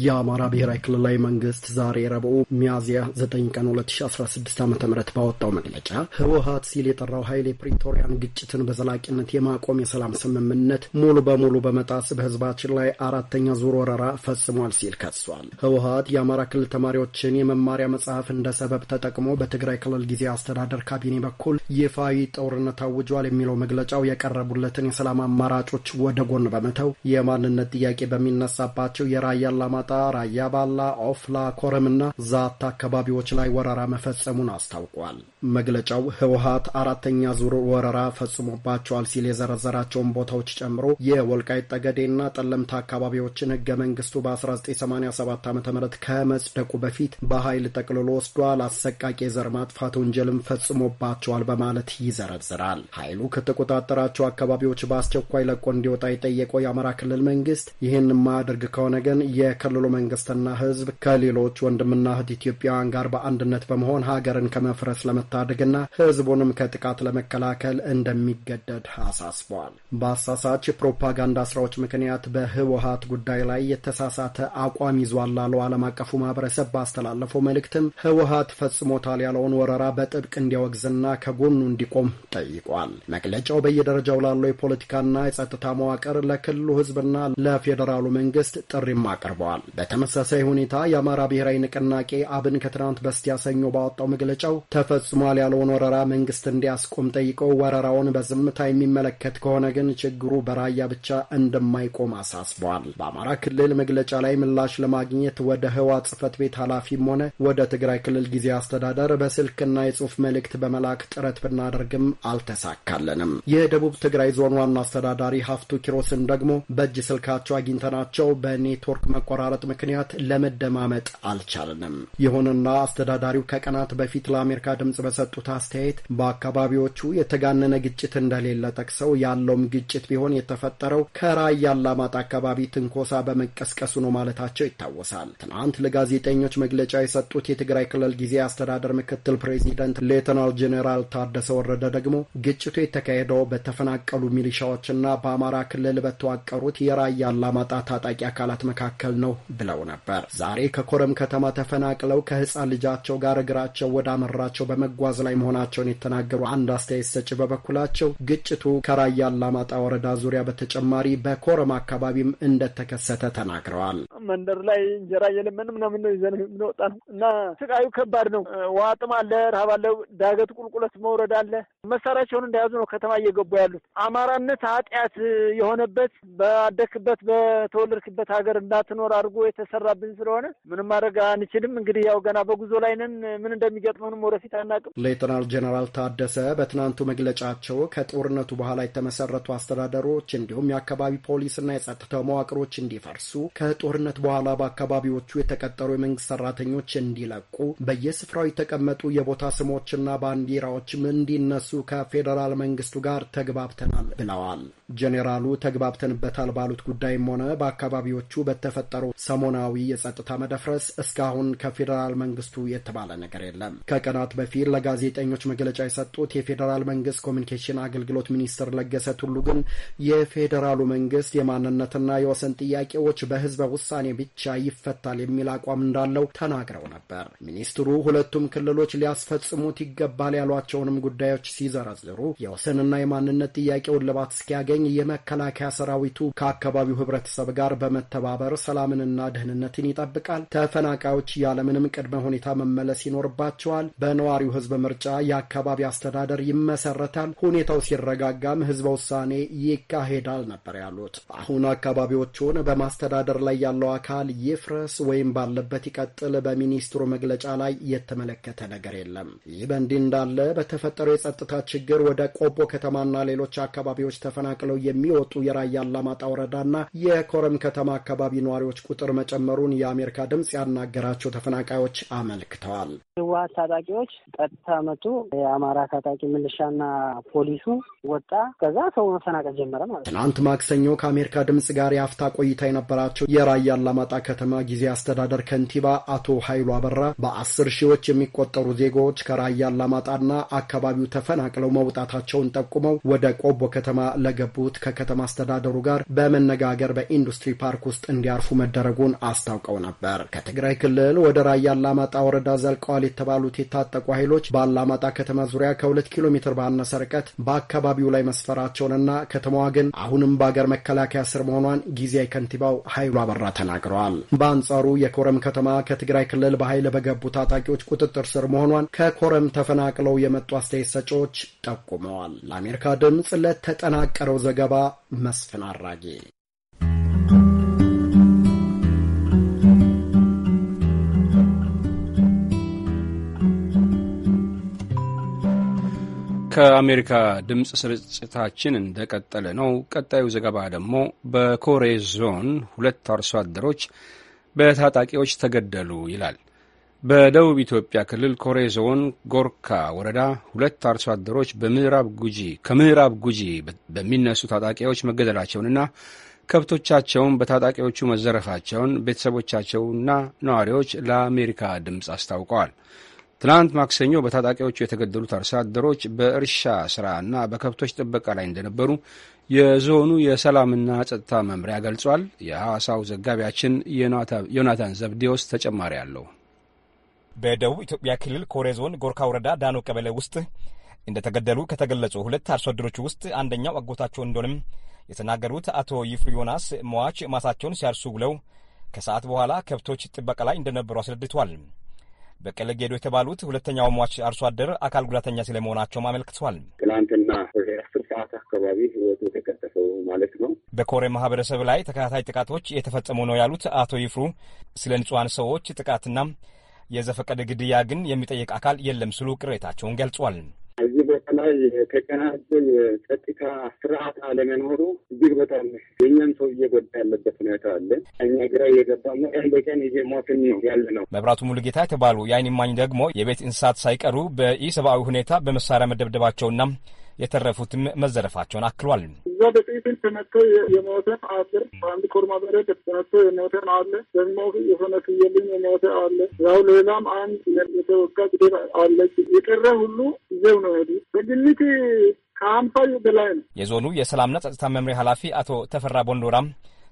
Speaker 8: የአማራ ብሔራዊ ክልላዊ መንግስት ዛሬ ረቡዕ ሚያዝያ 9 ቀን 2016 ዓ ም ባወጣው መግለጫ ህወሀት ሲል የጠራው ኃይል የፕሪቶሪያን ግጭትን በዘላቂነት የማቆም የሰላም ስምምነት ሙሉ በሙሉ በመጣስ በህዝባችን ላይ አራተኛ ዙር ወረራ ፈጽሟል ሲል ከሷል። ህወሀት የአማራ ክልል ተማሪዎችን የመማሪያ መጽሐፍ እንደ ሰበብ ተጠቅሞ በትግራይ ክልል ጊዜ አስተዳደር ካቢኔ በኩል ይፋዊ ጦርነት አውጇል የሚለው መግለጫው የቀረቡለትን የሰላም አማራጮች ወደ ጎን በመተው የማንነት ጥያቄ በሚነሳባቸው የራያ አላማ አቆጣጠር ራያባላ ኦፍላ፣ ኮረምና ዛታ አካባቢዎች ላይ ወረራ መፈጸሙን አስታውቋል። መግለጫው ህወሀት አራተኛ ዙር ወረራ ፈጽሞባቸዋል ሲል የዘረዘራቸውን ቦታዎች ጨምሮ የወልቃይት ጠገዴና ጠለምታ አካባቢዎችን ህገ መንግስቱ በ1987 ዓ ም ከመጽደቁ በፊት በኃይል ጠቅልሎ ወስዷል፣ አሰቃቂ የዘር ማጥፋት ወንጀልም ፈጽሞባቸዋል በማለት ይዘረዝራል። ኃይሉ ከተቆጣጠራቸው አካባቢዎች በአስቸኳይ ለቆ እንዲወጣ የጠየቀው የአማራ ክልል መንግስት ይህን ማድርግ ከሆነ ግን የክ የክልሉ መንግስትና ህዝብ ከሌሎች ወንድምና እህት ኢትዮጵያውያን ጋር በአንድነት በመሆን ሀገርን ከመፍረስ ለመታደግና ህዝቡንም ከጥቃት ለመከላከል እንደሚገደድ አሳስቧል። በአሳሳች የፕሮፓጋንዳ ስራዎች ምክንያት በህወሀት ጉዳይ ላይ የተሳሳተ አቋም ይዟል ላለው ዓለም አቀፉ ማህበረሰብ ባስተላለፈው መልእክትም ህወሀት ፈጽሞታል ያለውን ወረራ በጥብቅ እንዲያወግዝና ከጎኑ እንዲቆም ጠይቋል። መግለጫው በየደረጃው ላለው የፖለቲካና የጸጥታ መዋቅር ለክልሉ ህዝብና ለፌዴራሉ መንግስት ጥሪም አቅርበዋል። ገልጸዋል። በተመሳሳይ ሁኔታ የአማራ ብሔራዊ ንቅናቄ አብን ከትናንት በስቲያ ሰኞ ባወጣው መግለጫው ተፈጽሟል ያለውን ወረራ መንግስት እንዲያስቆም ጠይቆ ወረራውን በዝምታ የሚመለከት ከሆነ ግን ችግሩ በራያ ብቻ እንደማይቆም አሳስበዋል። በአማራ ክልል መግለጫ ላይ ምላሽ ለማግኘት ወደ ህዋ ጽህፈት ቤት ኃላፊም ሆነ ወደ ትግራይ ክልል ጊዜ አስተዳደር በስልክና የጽሁፍ መልእክት በመላክ ጥረት ብናደርግም አልተሳካለንም። የደቡብ ትግራይ ዞን ዋና አስተዳዳሪ ሀፍቱ ኪሮስን ደግሞ በእጅ ስልካቸው አግኝተናቸው በኔትወርክ መቆራረ መቋረጥ ምክንያት ለመደማመጥ አልቻልንም። ይሁንና አስተዳዳሪው ከቀናት በፊት ለአሜሪካ ድምፅ በሰጡት አስተያየት በአካባቢዎቹ የተጋነነ ግጭት እንደሌለ ጠቅሰው ያለውም ግጭት ቢሆን የተፈጠረው ከራያ አላማጣ አካባቢ ትንኮሳ በመቀስቀሱ ነው ማለታቸው ይታወሳል። ትናንት ለጋዜጠኞች መግለጫ የሰጡት የትግራይ ክልል ጊዜ አስተዳደር ምክትል ፕሬዚደንት ሌተናል ጄኔራል ታደሰ ወረደ ደግሞ ግጭቱ የተካሄደው በተፈናቀሉ ሚሊሻዎችና በአማራ ክልል በተዋቀሩት የራያ አላማጣ ታጣቂ አካላት መካከል ነው ብለው ነበር። ዛሬ ከኮረም ከተማ ተፈናቅለው ከህፃን ልጃቸው ጋር እግራቸው ወዳመራቸው በመጓዝ ላይ መሆናቸውን የተናገሩ አንድ አስተያየት ሰጪ በበኩላቸው ግጭቱ ከራያ አላማጣ ወረዳ ዙሪያ በተጨማሪ በኮረም አካባቢም እንደተከሰተ ተናግረዋል።
Speaker 7: መንደር ላይ እንጀራ የለመን ምናምን ነው ይዘን የምንወጣ ነው እና ስቃዩ ከባድ ነው። ዋጥም አለ፣ ረሃብ አለ፣ ዳገት ቁልቁለት መውረድ አለ። መሳሪያቸውን እንደያዙ ነው ከተማ እየገቡ ያሉት። አማራነት ኃጢአት የሆነበት በአደክበት በተወለድክበት ሀገር እንዳትኖር
Speaker 6: ተደርጎ የተሰራብን ስለሆነ ምንም ማድረግ አንችልም። እንግዲህ ያው ገና በጉዞ ላይ ነን። ምን እንደሚገጥመንም ወደፊት አናውቅም።
Speaker 8: ሌተናል ጀነራል ታደሰ በትናንቱ መግለጫቸው ከጦርነቱ በኋላ የተመሰረቱ አስተዳደሮች እንዲሁም የአካባቢ ፖሊስና የጸጥታው መዋቅሮች እንዲፈርሱ ከጦርነት በኋላ በአካባቢዎቹ የተቀጠሩ የመንግስት ሰራተኞች እንዲለቁ በየስፍራው የተቀመጡ የቦታ ስሞችና ባንዲራዎችም እንዲነሱ ከፌዴራል መንግስቱ ጋር ተግባብተናል ብለዋል። ጄኔራሉ ተግባብተንበታል ባሉት ጉዳይም ሆነ በአካባቢዎቹ በተፈጠረው ሰሞናዊ የጸጥታ መደፍረስ እስካሁን ከፌዴራል መንግስቱ የተባለ ነገር የለም። ከቀናት በፊት ለጋዜጠኞች መግለጫ የሰጡት የፌዴራል መንግስት ኮሚኒኬሽን አገልግሎት ሚኒስትር ለገሰ ቱሉ ግን የፌዴራሉ መንግስት የማንነትና የወሰን ጥያቄዎች በህዝበ ውሳኔ ብቻ ይፈታል የሚል አቋም እንዳለው ተናግረው ነበር። ሚኒስትሩ ሁለቱም ክልሎች ሊያስፈጽሙት ይገባል ያሏቸውንም ጉዳዮች ሲዘረዝሩ የወሰንና የማንነት ጥያቄውን ልባት እስኪያገኝ የመከላከያ ሰራዊቱ ከአካባቢው ህብረተሰብ ጋር በመተባበር ሰላምን ሰላምንና ደህንነትን ይጠብቃል። ተፈናቃዮች ያለምንም ቅድመ ሁኔታ መመለስ ይኖርባቸዋል። በነዋሪው ህዝብ ምርጫ የአካባቢ አስተዳደር ይመሰረታል። ሁኔታው ሲረጋጋም ህዝበ ውሳኔ ይካሄዳል ነበር ያሉት። አሁን አካባቢዎቹን በማስተዳደር ላይ ያለው አካል ይፍረስ ወይም ባለበት ይቀጥል በሚኒስትሩ መግለጫ ላይ የተመለከተ ነገር የለም። ይህ በእንዲህ እንዳለ በተፈጠረው የጸጥታ ችግር ወደ ቆቦ ከተማና ሌሎች አካባቢዎች ተፈናቅለው የሚወጡ የራያ አላማጣ ወረዳና የኮረም ከተማ አካባቢ ነዋሪዎች ቁጥር መጨመሩን የአሜሪካ ድምፅ ያናገራቸው ተፈናቃዮች
Speaker 2: አመልክተዋል።
Speaker 6: ህወሀት ታጣቂዎች ቀጥታ መጡ። የአማራ ታጣቂ ምልሻና ፖሊሱ ወጣ። ከዛ ሰው
Speaker 3: መፈናቀል ጀመረ ማለት ነው።
Speaker 8: ትናንት ማክሰኞ ከአሜሪካ ድምፅ ጋር የአፍታ ቆይታ የነበራቸው የራያ አላማጣ ከተማ ጊዜ አስተዳደር ከንቲባ አቶ ኃይሉ አበራ በአስር ሺዎች የሚቆጠሩ ዜጎች ከራያ አላማጣና አካባቢው ተፈናቅለው መውጣታቸውን ጠቁመው ወደ ቆቦ ከተማ ለገቡት ከከተማ አስተዳደሩ ጋር በመነጋገር በኢንዱስትሪ ፓርክ ውስጥ እንዲያርፉ መደ መደረጉን አስታውቀው ነበር። ከትግራይ ክልል ወደ ራያ አላማጣ ወረዳ ዘልቀዋል የተባሉት የታጠቁ ኃይሎች በአላማጣ ከተማ ዙሪያ ከሁለት ኪሎ ሜትር ባነሰ ርቀት በአካባቢው ላይ መስፈራቸውንና ከተማዋ ግን አሁንም በአገር መከላከያ ስር መሆኗን ጊዜያዊ ከንቲባው ኃይሉ አበራ ተናግረዋል። በአንጻሩ የኮረም ከተማ ከትግራይ ክልል በኃይል በገቡ ታጣቂዎች ቁጥጥር ስር መሆኗን ከኮረም ተፈናቅለው የመጡ አስተያየት ሰጪዎች ጠቁመዋል። ለአሜሪካ ድምፅ ለተጠናቀረው ዘገባ መስፍን አራጌ
Speaker 1: ከአሜሪካ ድምፅ ስርጭታችን እንደቀጠለ ነው። ቀጣዩ ዘገባ ደግሞ በኮሬ ዞን ሁለት አርሶ አደሮች በታጣቂዎች ተገደሉ ይላል። በደቡብ ኢትዮጵያ ክልል ኮሬ ዞን ጎርካ ወረዳ ሁለት አርሶ አደሮች በምዕራብ ጉጂ ከምዕራብ ጉጂ በሚነሱ ታጣቂዎች መገደላቸውንና ከብቶቻቸውን በታጣቂዎቹ መዘረፋቸውን ቤተሰቦቻቸውና ነዋሪዎች ለአሜሪካ ድምፅ አስታውቀዋል። ትናንት ማክሰኞ በታጣቂዎቹ የተገደሉት አርሶ አደሮች በእርሻ ስራና በከብቶች ጥበቃ ላይ እንደነበሩ የዞኑ የሰላምና ጸጥታ መምሪያ ገልጿል። የሐዋሳው ዘጋቢያችን
Speaker 9: ዮናታን ዘብዴዎስ ተጨማሪ አለው። በደቡብ ኢትዮጵያ ክልል ኮሬ ዞን ጎርካ ወረዳ ዳኖ ቀበሌ ውስጥ እንደተገደሉ ከተገለጹ ሁለት አርሶ አደሮች ውስጥ አንደኛው አጎታቸው እንደሆንም የተናገሩት አቶ ይፍሩ ዮናስ መዋች ማሳቸውን ሲያርሱ ብለው ከሰዓት በኋላ ከብቶች ጥበቃ ላይ እንደነበሩ አስረድቷል። በቀለ ጌዶ የተባሉት ሁለተኛው ሟች አርሶ አደር አካል ጉዳተኛ ስለመሆናቸውም አመልክተዋል።
Speaker 1: ትላንትና አስር ሰዓት አካባቢ ህይወቱ
Speaker 9: የተቀጠፈው ማለት ነው። በኮሬ ማህበረሰብ ላይ ተከታታይ ጥቃቶች የተፈጸሙ ነው ያሉት አቶ ይፍሩ ስለ ንጹሐን ሰዎች ጥቃትና የዘፈቀደ ግድያ ግን የሚጠይቅ አካል የለም ስሉ ቅሬታቸውን ገልጿል። በተለይ የተቀናጀ የጸጥታ ስርዓት
Speaker 6: አለመኖሩ እጅግ በጣም የኛም ሰው እየጎዳ ያለበት ሁኔታ አለ። እኛ ግራ እየገባ ነው።
Speaker 9: ቀን በቀን ይዜ
Speaker 1: እየሞትን ነው ያለ ነው።
Speaker 9: መብራቱ ሙሉጌታ የተባሉ የአይን እማኝ ደግሞ የቤት እንስሳት ሳይቀሩ በኢሰብአዊ ሁኔታ በመሳሪያ መደብደባቸውና የተረፉትም መዘረፋቸውን አክሏል።
Speaker 7: እዛ በጥይት ተመቶ የሞተም አለ። በአንድ ኮርማ በሬ ተመቶ የሞተም አለ።
Speaker 6: ደግሞ የሆነ ፍየልን የሞተ አለ። ያው ሌላም አንድ የተወጋ ግዴታ አለች።
Speaker 3: የቀረ ሁሉ ይዘው ነው ሄዱ በግምት ከአምሳዩ በላይ ነው።
Speaker 9: የዞኑ የሰላምና ጸጥታ መምሪያ ኃላፊ አቶ ተፈራ ቦንዶራም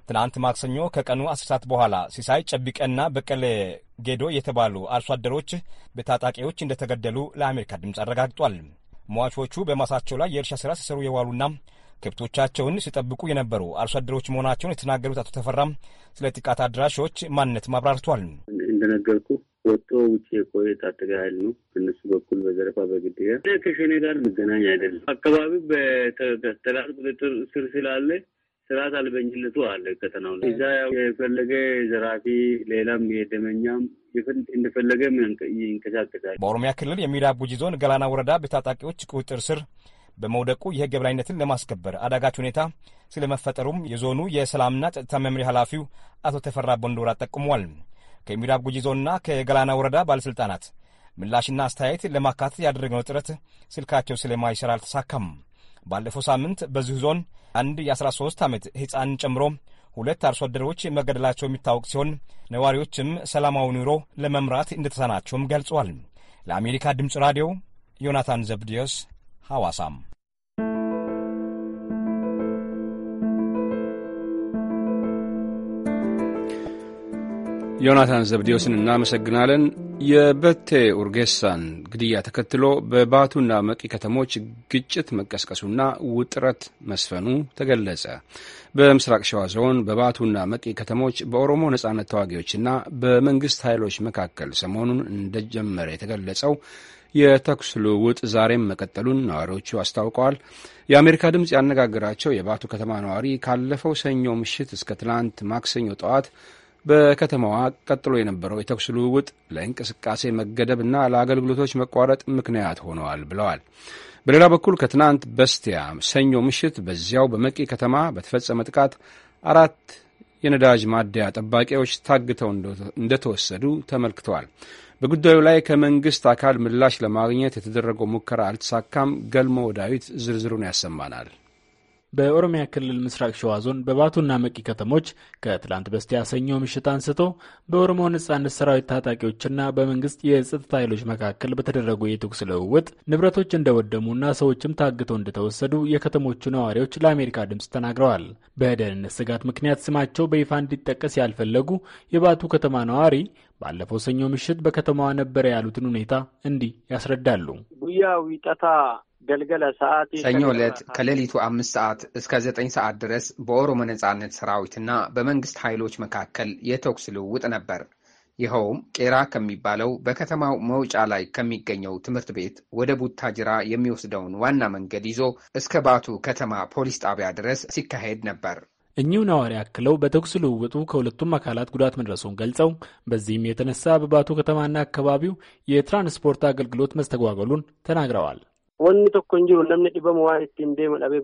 Speaker 9: ትናንት ማክሰኞ ከቀኑ አስር ሰዓት በኋላ ሲሳይ ጨቢቀና በቀለ ጌዶ የተባሉ አርሶ አደሮች በታጣቂዎች እንደተገደሉ ለአሜሪካ ድምፅ አረጋግጧል። ሟቾቹ በማሳቸው ላይ የእርሻ ስራ ሲሰሩ የዋሉና ከብቶቻቸውን ሲጠብቁ የነበሩ አርሶ አደሮች መሆናቸውን የተናገሩት አቶ ተፈራም ስለ ጥቃት አድራሾች ማንነት ማብራርቷል።
Speaker 6: እንደነገርኩ ወጦ ውጭ የቆየ ታጠቀ ኃይል ነው። እነሱ በኩል በዘረፋ በግድያ
Speaker 7: ከሸኔ ጋር መገናኝ አይደለም። አካባቢው በተላል ቁጥጥር ስር ስላለ ስርዓት አልበኝነቱ አለ። ከተናው እዛ የፈለገ ዘራፊ ሌላም የደመኛም እንደፈለገ ይንቀሳቀሳል። በኦሮሚያ
Speaker 9: ክልል ጉጂ ዞን ገላና ወረዳ በታጣቂዎች ቁጥጥር ስር በመውደቁ የህግ የበላይነትን ለማስከበር አዳጋች ሁኔታ ስለመፈጠሩም የዞኑ የሰላምና ጸጥታ መምሪያ ኃላፊው አቶ ተፈራ ቦንዶራ ጠቁሟል። ከምዕራብ ጉጂ ዞንና ከገላና ወረዳ ባለሥልጣናት ምላሽና አስተያየት ለማካተት ያደረግነው ጥረት ስልካቸው ስለማይሰራ አልተሳካም። ባለፈው ሳምንት በዚሁ ዞን አንድ የ13 ዓመት ሕፃን ጨምሮ ሁለት አርሶ አደሮች መገደላቸው የሚታወቅ ሲሆን ነዋሪዎችም ሰላማዊ ኑሮ ለመምራት እንደተሳናቸውም ገልጸዋል። ለአሜሪካ ድምፅ ራዲዮ ዮናታን ዘብዲዮስ ሐዋሳም
Speaker 1: ዮናታን ዘብዲዮስን እናመሰግናለን። የበቴ ኡርጌሳን ግድያ ተከትሎ በባቱና መቂ ከተሞች ግጭት መቀስቀሱና ውጥረት መስፈኑ ተገለጸ። በምስራቅ ሸዋ ዞን በባቱና መቂ ከተሞች በኦሮሞ ነጻነት ተዋጊዎችና በመንግስት ኃይሎች መካከል ሰሞኑን እንደጀመረ የተገለጸው የተኩስ ልውውጥ ዛሬም መቀጠሉን ነዋሪዎቹ አስታውቀዋል። የአሜሪካ ድምፅ ያነጋግራቸው የባቱ ከተማ ነዋሪ ካለፈው ሰኞ ምሽት እስከ ትላንት ማክሰኞ ጠዋት በከተማዋ ቀጥሎ የነበረው የተኩስ ልውውጥ ለእንቅስቃሴ እና ለአገልግሎቶች መቋረጥ ምክንያት ሆነዋል ብለዋል። በሌላ በኩል ከትናንት በስቲያ ሰኞ ምሽት በዚያው በመቂ ከተማ በተፈጸመ ጥቃት አራት የነዳጅ ማደያ ጠባቂዎች ታግተው እንደተወሰዱ ተመልክተዋል። በጉዳዩ ላይ ከመንግሥት አካል ምላሽ ለማግኘት
Speaker 7: የተደረገው ሙከራ አልተሳካም። ገልሞ ወዳዊት ዝርዝሩን ያሰማናል። በኦሮሚያ ክልል ምስራቅ ሸዋ ዞን በባቱና መቂ ከተሞች ከትላንት በስቲያ ሰኞ ምሽት አንስቶ በኦሮሞ ነጻነት ሰራዊት ታጣቂዎችና በመንግስት የጸጥታ ኃይሎች መካከል በተደረጉ የተኩስ ልውውጥ ንብረቶች እንደወደሙና ሰዎችም ታግተው እንደተወሰዱ የከተሞቹ ነዋሪዎች ለአሜሪካ ድምፅ ተናግረዋል። በደህንነት ስጋት ምክንያት ስማቸው በይፋ እንዲጠቀስ ያልፈለጉ የባቱ ከተማ ነዋሪ ባለፈው ሰኞ ምሽት በከተማዋ ነበረ ያሉትን ሁኔታ እንዲህ ያስረዳሉ። ጉያ ዊጠታ ገልገለ ሰዓት ሰኞ ዕለት ከሌሊቱ
Speaker 4: አምስት ሰዓት እስከ ዘጠኝ ሰዓት ድረስ በኦሮሞ ነጻነት ሰራዊትና በመንግስት ኃይሎች መካከል የተኩስ ልውውጥ ነበር። ይኸውም ቄራ ከሚባለው በከተማው መውጫ ላይ ከሚገኘው ትምህርት ቤት ወደ ቡታጅራ የሚወስደውን ዋና መንገድ ይዞ እስከ ባቱ ከተማ ፖሊስ ጣቢያ ድረስ ሲካሄድ ነበር። እኚሁ ነዋሪ አክለው በተኩስ ልውውጡ ከሁለቱም አካላት ጉዳት መድረሱን
Speaker 7: ገልጸው በዚህም የተነሳ በባቱ ከተማና አካባቢው የትራንስፖርት አገልግሎት መስተጓጎሉን
Speaker 4: ተናግረዋል።
Speaker 6: ወኒ ቶኮ እንጅሩ ነምነ ዲበሙ ዋን ኢትቲን ደመ ዳቤ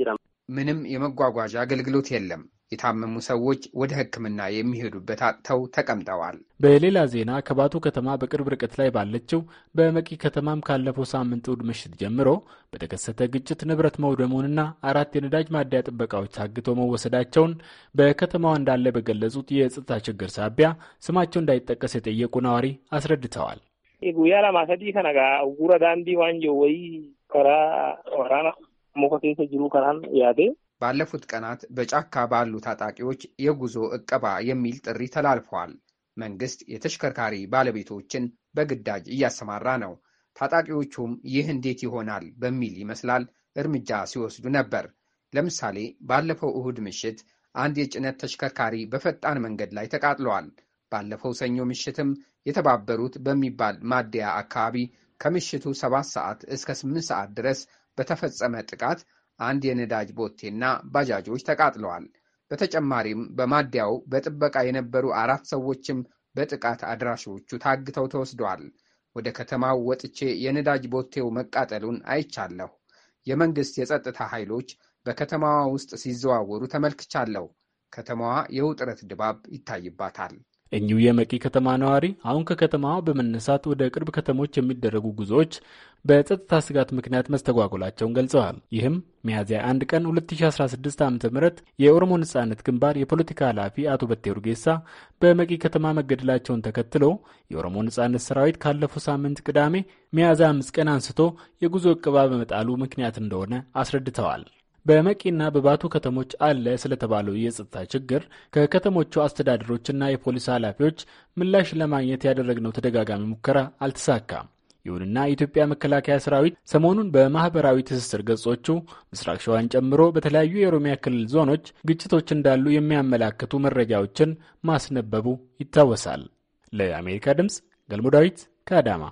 Speaker 6: ጅራ
Speaker 4: ምንም የመጓጓዣ አገልግሎት የለም። የታመሙ ሰዎች ወደ ሕክምና የሚሄዱበት አጥተው ተቀምጠዋል።
Speaker 7: በሌላ ዜና ከባቱ ከተማ በቅርብ ርቀት ላይ ባለችው በመቂ ከተማም ካለፈው ሳምንት እሁድ ምሽት ጀምሮ በተከሰተ ግጭት ንብረት መውደሙንና አራት የነዳጅ ማደያ ጥበቃዎች ታግቶ መወሰዳቸውን በከተማዋ እንዳለ በገለጹት የጸጥታ ችግር ሳቢያ ስማቸው እንዳይጠቀስ የጠየቁ ነዋሪ አስረድተዋል።
Speaker 9: ጉያ ለማሰዲ ከነጋ
Speaker 7: ዳንዲ ዋንጆ ወይ ከራ ወራና ሙከ ጅሩ ከራን
Speaker 4: ያዴ ባለፉት ቀናት በጫካ ባሉ ታጣቂዎች የጉዞ እቀባ የሚል ጥሪ ተላልፏል። መንግስት የተሽከርካሪ ባለቤቶችን በግዳጅ እያሰማራ ነው። ታጣቂዎቹም ይህ እንዴት ይሆናል በሚል ይመስላል እርምጃ ሲወስዱ ነበር። ለምሳሌ ባለፈው እሁድ ምሽት አንድ የጭነት ተሽከርካሪ በፈጣን መንገድ ላይ ተቃጥለዋል። ባለፈው ሰኞ ምሽትም የተባበሩት በሚባል ማደያ አካባቢ ከምሽቱ ሰባት ሰዓት እስከ ስምንት ሰዓት ድረስ በተፈጸመ ጥቃት አንድ የነዳጅ ቦቴና ባጃጆች ተቃጥለዋል። በተጨማሪም በማደያው በጥበቃ የነበሩ አራት ሰዎችም በጥቃት አድራሾቹ ታግተው ተወስደዋል። ወደ ከተማው ወጥቼ የነዳጅ ቦቴው መቃጠሉን አይቻለሁ። የመንግስት የጸጥታ ኃይሎች በከተማዋ ውስጥ ሲዘዋወሩ ተመልክቻለሁ። ከተማዋ የውጥረት ድባብ ይታይባታል።
Speaker 7: እኚሁ የመቂ ከተማ ነዋሪ አሁን ከከተማዋ በመነሳት ወደ ቅርብ ከተሞች የሚደረጉ ጉዞዎች በጸጥታ ስጋት ምክንያት መስተጓጎላቸውን ገልጸዋል። ይህም ሚያዝያ 1 ቀን 2016 ዓ ም የኦሮሞ ነጻነት ግንባር የፖለቲካ ኃላፊ አቶ በቴ ኡርጌሳ በመቂ ከተማ መገደላቸውን ተከትሎ የኦሮሞ ነጻነት ሰራዊት ካለፈው ሳምንት ቅዳሜ ሚያዝያ 5 ቀን አንስቶ የጉዞ እቅባ በመጣሉ ምክንያት እንደሆነ አስረድተዋል። በመቂና በባቱ ከተሞች አለ ስለተባለው የጸጥታ ችግር ከከተሞቹ አስተዳደሮችና የፖሊስ ኃላፊዎች ምላሽ ለማግኘት ያደረግነው ተደጋጋሚ ሙከራ አልተሳካም። ይሁንና የኢትዮጵያ መከላከያ ሰራዊት ሰሞኑን በማህበራዊ ትስስር ገጾቹ ምስራቅ ሸዋን ጨምሮ በተለያዩ የኦሮሚያ ክልል ዞኖች ግጭቶች እንዳሉ የሚያመላክቱ መረጃዎችን ማስነበቡ ይታወሳል። ለአሜሪካ ድምፅ ገልሞ ዳዊት ከአዳማ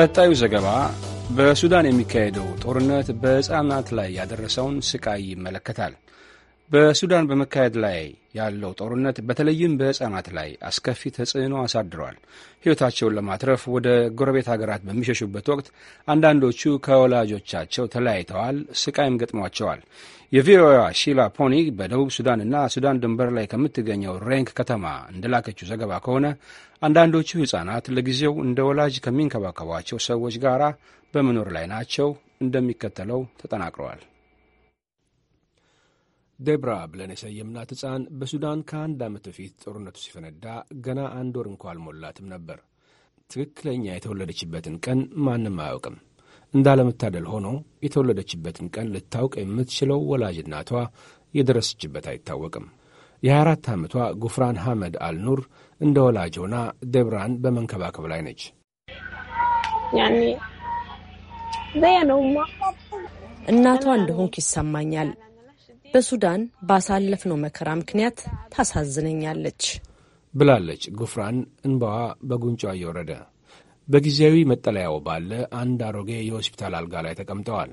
Speaker 1: ቀጣዩ ዘገባ በሱዳን የሚካሄደው ጦርነት በሕፃናት ላይ ያደረሰውን ስቃይ ይመለከታል። በሱዳን በመካሄድ ላይ ያለው ጦርነት በተለይም በሕፃናት ላይ አስከፊ ተጽዕኖ አሳድሯል። ሕይወታቸውን ለማትረፍ ወደ ጎረቤት ሀገራት በሚሸሹበት ወቅት አንዳንዶቹ ከወላጆቻቸው ተለያይተዋል፣ ስቃይም ገጥሟቸዋል። የቪኦኤዋ ሺላ ፖኒ በደቡብ ሱዳንና ሱዳን ድንበር ላይ ከምትገኘው ሬንክ ከተማ እንደላከችው ዘገባ ከሆነ አንዳንዶቹ ሕፃናት ለጊዜው እንደ ወላጅ ከሚንከባከቧቸው ሰዎች ጋር በመኖር ላይ ናቸው። እንደሚከተለው ተጠናቅረዋል። ደብራ ብለን የሰየምናት ሕፃን በሱዳን ከአንድ ዓመት በፊት ጦርነቱ ሲፈነዳ ገና አንድ ወር እንኳ አልሞላትም ነበር። ትክክለኛ የተወለደችበትን ቀን ማንም አያውቅም። እንዳለመታደል ሆኖ የተወለደችበትን ቀን ልታውቅ የምትችለው ወላጅ እናቷ የደረሰችበት አይታወቅም። የ24 ዓመቷ ጉፍራን ሐመድ አልኑር እንደ ወላጅ ሆና ደብራን በመንከባከብ ላይ ነች።
Speaker 10: እናቷ እንደሆንኩ ይሰማኛል። በሱዳን ባሳለፍነው መከራ ምክንያት ታሳዝነኛለች
Speaker 1: ብላለች ጉፍራን። እንባዋ በጉንጯ እየወረደ በጊዜያዊ መጠለያው ባለ አንድ አሮጌ የሆስፒታል አልጋ ላይ ተቀምጠዋል።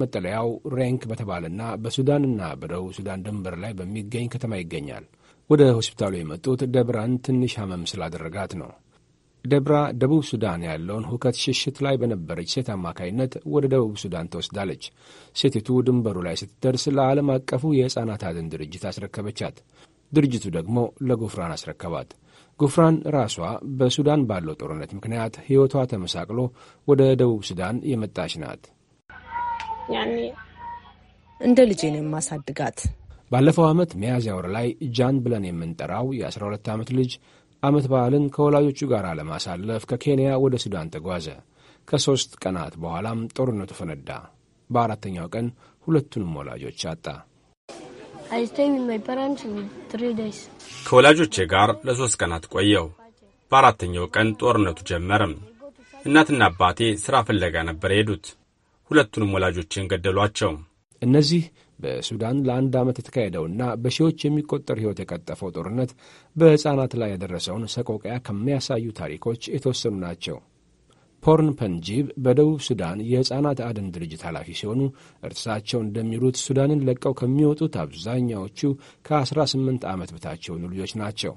Speaker 1: መጠለያው ሬንክ በተባለና በሱዳንና በደቡብ ሱዳን ድንበር ላይ በሚገኝ ከተማ ይገኛል። ወደ ሆስፒታሉ የመጡት ደብራን ትንሽ ሐመም ስላደረጋት ነው። ደብራ ደቡብ ሱዳን ያለውን ሁከት ሽሽት ላይ በነበረች ሴት አማካይነት ወደ ደቡብ ሱዳን ተወስዳለች። ሴቲቱ ድንበሩ ላይ ስትደርስ ለዓለም አቀፉ የሕፃናት አድን ድርጅት አስረከበቻት። ድርጅቱ ደግሞ ለጉፍራን አስረከባት። ጉፍራን ራሷ በሱዳን ባለው ጦርነት ምክንያት ሕይወቷ ተመሳቅሎ ወደ ደቡብ ሱዳን የመጣች ናት።
Speaker 10: እንደ ልጄ ነው የማሳድጋት።
Speaker 1: ባለፈው ዓመት ሚያዝያ ወር ላይ ጃን ብለን የምንጠራው የ12 ዓመት ልጅ ዓመት በዓልን ከወላጆቹ ጋር ለማሳለፍ ከኬንያ ወደ ሱዳን ተጓዘ። ከሦስት ቀናት በኋላም ጦርነቱ ፈነዳ። በአራተኛው ቀን ሁለቱንም ወላጆች አጣ።
Speaker 11: ከወላጆቼ ጋር ለሦስት ቀናት ቆየው። በአራተኛው ቀን ጦርነቱ ጀመርም። እናትና አባቴ ሥራ ፍለጋ ነበር የሄዱት። ሁለቱንም ወላጆችን
Speaker 1: ገደሏቸው። እነዚህ በሱዳን ለአንድ ዓመት የተካሄደውና በሺዎች የሚቆጠር ሕይወት የቀጠፈው ጦርነት በሕፃናት ላይ ያደረሰውን ሰቆቀያ ከሚያሳዩ ታሪኮች የተወሰኑ ናቸው። ፖርን ፐንጂብ በደቡብ ሱዳን የሕፃናት አድን ድርጅት ኃላፊ ሲሆኑ እርሳቸው እንደሚሉት ሱዳንን ለቀው ከሚወጡት አብዛኛዎቹ ከ18 ዓመት በታች የሆኑ ልጆች ናቸው።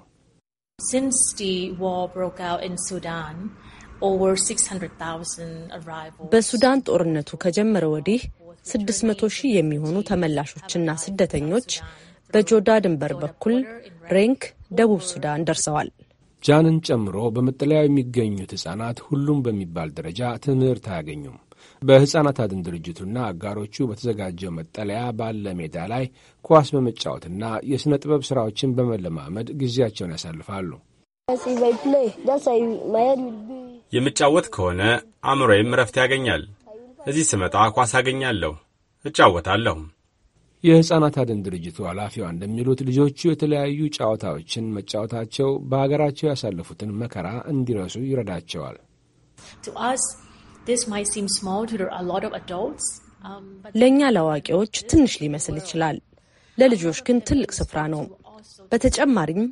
Speaker 10: በሱዳን ጦርነቱ ከጀመረ ወዲህ ስድ00 ሺህ የሚሆኑ ተመላሾችና ስደተኞች በጆዳ ድንበር በኩል ሬንክ ደቡብ ሱዳን ደርሰዋል።
Speaker 1: ጃንን ጨምሮ በመጠለያው የሚገኙት ሕፃናት ሁሉም በሚባል ደረጃ ትምህርት አያገኙም። በሕፃናት አድን ድርጅቱና አጋሮቹ በተዘጋጀው መጠለያ ባለ ሜዳ ላይ ኳስ በመጫወትና የሥነ ጥበብ ሥራዎችን በመለማመድ ጊዜያቸውን ያሳልፋሉ።
Speaker 11: የምጫወት ከሆነ አእምሮዬም እረፍት ያገኛል። እዚህ ስመጣ ኳስ አገኛለሁ፣ እጫወታለሁ።
Speaker 1: የሕፃናት አድን ድርጅቱ ኃላፊዋ እንደሚሉት ልጆቹ የተለያዩ ጨዋታዎችን መጫወታቸው በሀገራቸው ያሳለፉትን መከራ እንዲረሱ ይረዳቸዋል።
Speaker 10: um, ለእኛ ለአዋቂዎች ትንሽ ሊመስል ይችላል፣ ለልጆች ግን ትልቅ ስፍራ ነው። በተጨማሪም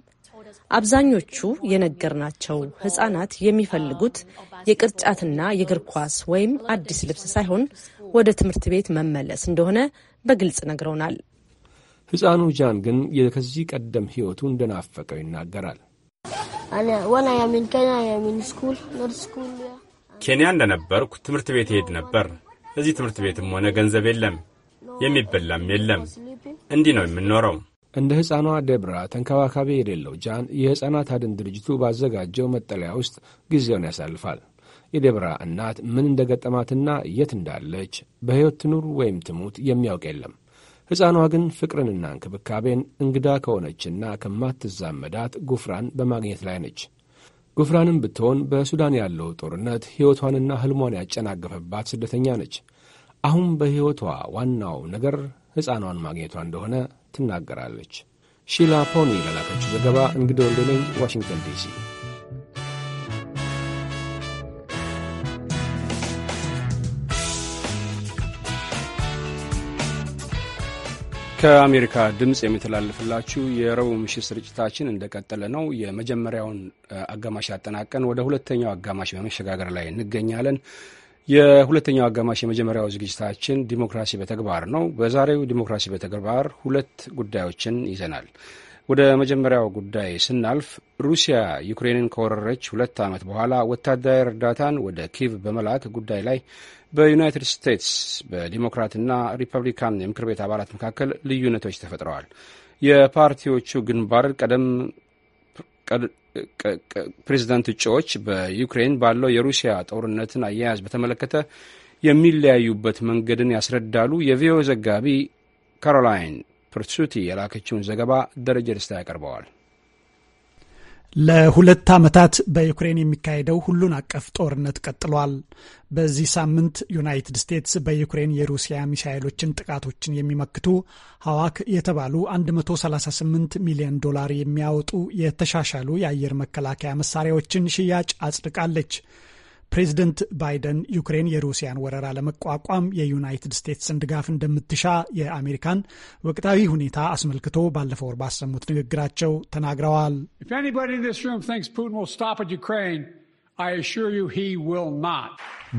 Speaker 10: አብዛኞቹ የነገርናቸው ህጻናት የሚፈልጉት የቅርጫትና የእግር ኳስ ወይም አዲስ ልብስ ሳይሆን ወደ ትምህርት ቤት መመለስ
Speaker 1: እንደሆነ በግልጽ ነግረውናል። ህፃኑ ጃን ግን ከዚህ ቀደም ህይወቱ እንደናፈቀው ይናገራል።
Speaker 11: ኬንያ እንደነበርኩ ትምህርት ቤት ይሄድ ነበር። እዚህ ትምህርት ቤትም ሆነ ገንዘብ የለም፣ የሚበላም የለም። እንዲህ ነው የምንኖረው።
Speaker 1: እንደ ሕፃኗ ደብራ ተንከባካቢ የሌለው ጃን የሕፃናት አድን ድርጅቱ ባዘጋጀው መጠለያ ውስጥ ጊዜውን ያሳልፋል። የደብራ እናት ምን እንደ ገጠማትና የት እንዳለች በሕይወት ትኑር ወይም ትሙት የሚያውቅ የለም። ሕፃኗ ግን ፍቅርንና እንክብካቤን እንግዳ ከሆነችና ከማትዛመዳት ጉፍራን በማግኘት ላይ ነች። ጉፍራንም ብትሆን በሱዳን ያለው ጦርነት ሕይወቷንና ሕልሟን ያጨናገፈባት ስደተኛ ነች። አሁን በሕይወቷ ዋናው ነገር ሕፃኗን ማግኘቷ እንደሆነ ትናገራለች። ሺላ ፖኒ ለላከችው ዘገባ እንግዲ ወልደነኝ ዋሽንግተን ዲሲ። ከአሜሪካ ድምፅ የሚተላልፍላችሁ የረቡዕ ምሽት ስርጭታችን እንደቀጠለ ነው። የመጀመሪያውን አጋማሽ አጠናቀን ወደ ሁለተኛው አጋማሽ በመሸጋገር ላይ እንገኛለን። የሁለተኛው አጋማሽ የመጀመሪያው ዝግጅታችን ዲሞክራሲ በተግባር ነው። በዛሬው ዲሞክራሲ በተግባር ሁለት ጉዳዮችን ይዘናል። ወደ መጀመሪያው ጉዳይ ስናልፍ ሩሲያ ዩክሬንን ከወረረች ሁለት ዓመት በኋላ ወታደራዊ እርዳታን ወደ ኪቭ በመላክ ጉዳይ ላይ በዩናይትድ ስቴትስ በዲሞክራትና ሪፐብሊካን የምክር ቤት አባላት መካከል ልዩነቶች ተፈጥረዋል። የፓርቲዎቹ ግንባር ቀደም ፕሬዚዳንት እጩዎች በዩክሬን ባለው የሩሲያ ጦርነትን አያያዝ በተመለከተ የሚለያዩበት መንገድን ያስረዳሉ። የቪኦኤ ዘጋቢ ካሮላይን ፕርሱቲ የላከችውን ዘገባ ደረጀ ደስታ ያቀርበዋል።
Speaker 3: ለሁለት ዓመታት በዩክሬን የሚካሄደው ሁሉን አቀፍ ጦርነት ቀጥሏል። በዚህ ሳምንት ዩናይትድ ስቴትስ በዩክሬን የሩሲያ ሚሳይሎችን ጥቃቶችን የሚመክቱ ሐዋክ የተባሉ 138 ሚሊዮን ዶላር የሚያወጡ የተሻሻሉ የአየር መከላከያ መሳሪያዎችን ሽያጭ አጽድቃለች። ፕሬዚደንት ባይደን ዩክሬን የሩሲያን ወረራ ለመቋቋም የዩናይትድ ስቴትስን ድጋፍ እንደምትሻ የአሜሪካን ወቅታዊ ሁኔታ አስመልክቶ ባለፈው ወር ባሰሙት ንግግራቸው ተናግረዋል።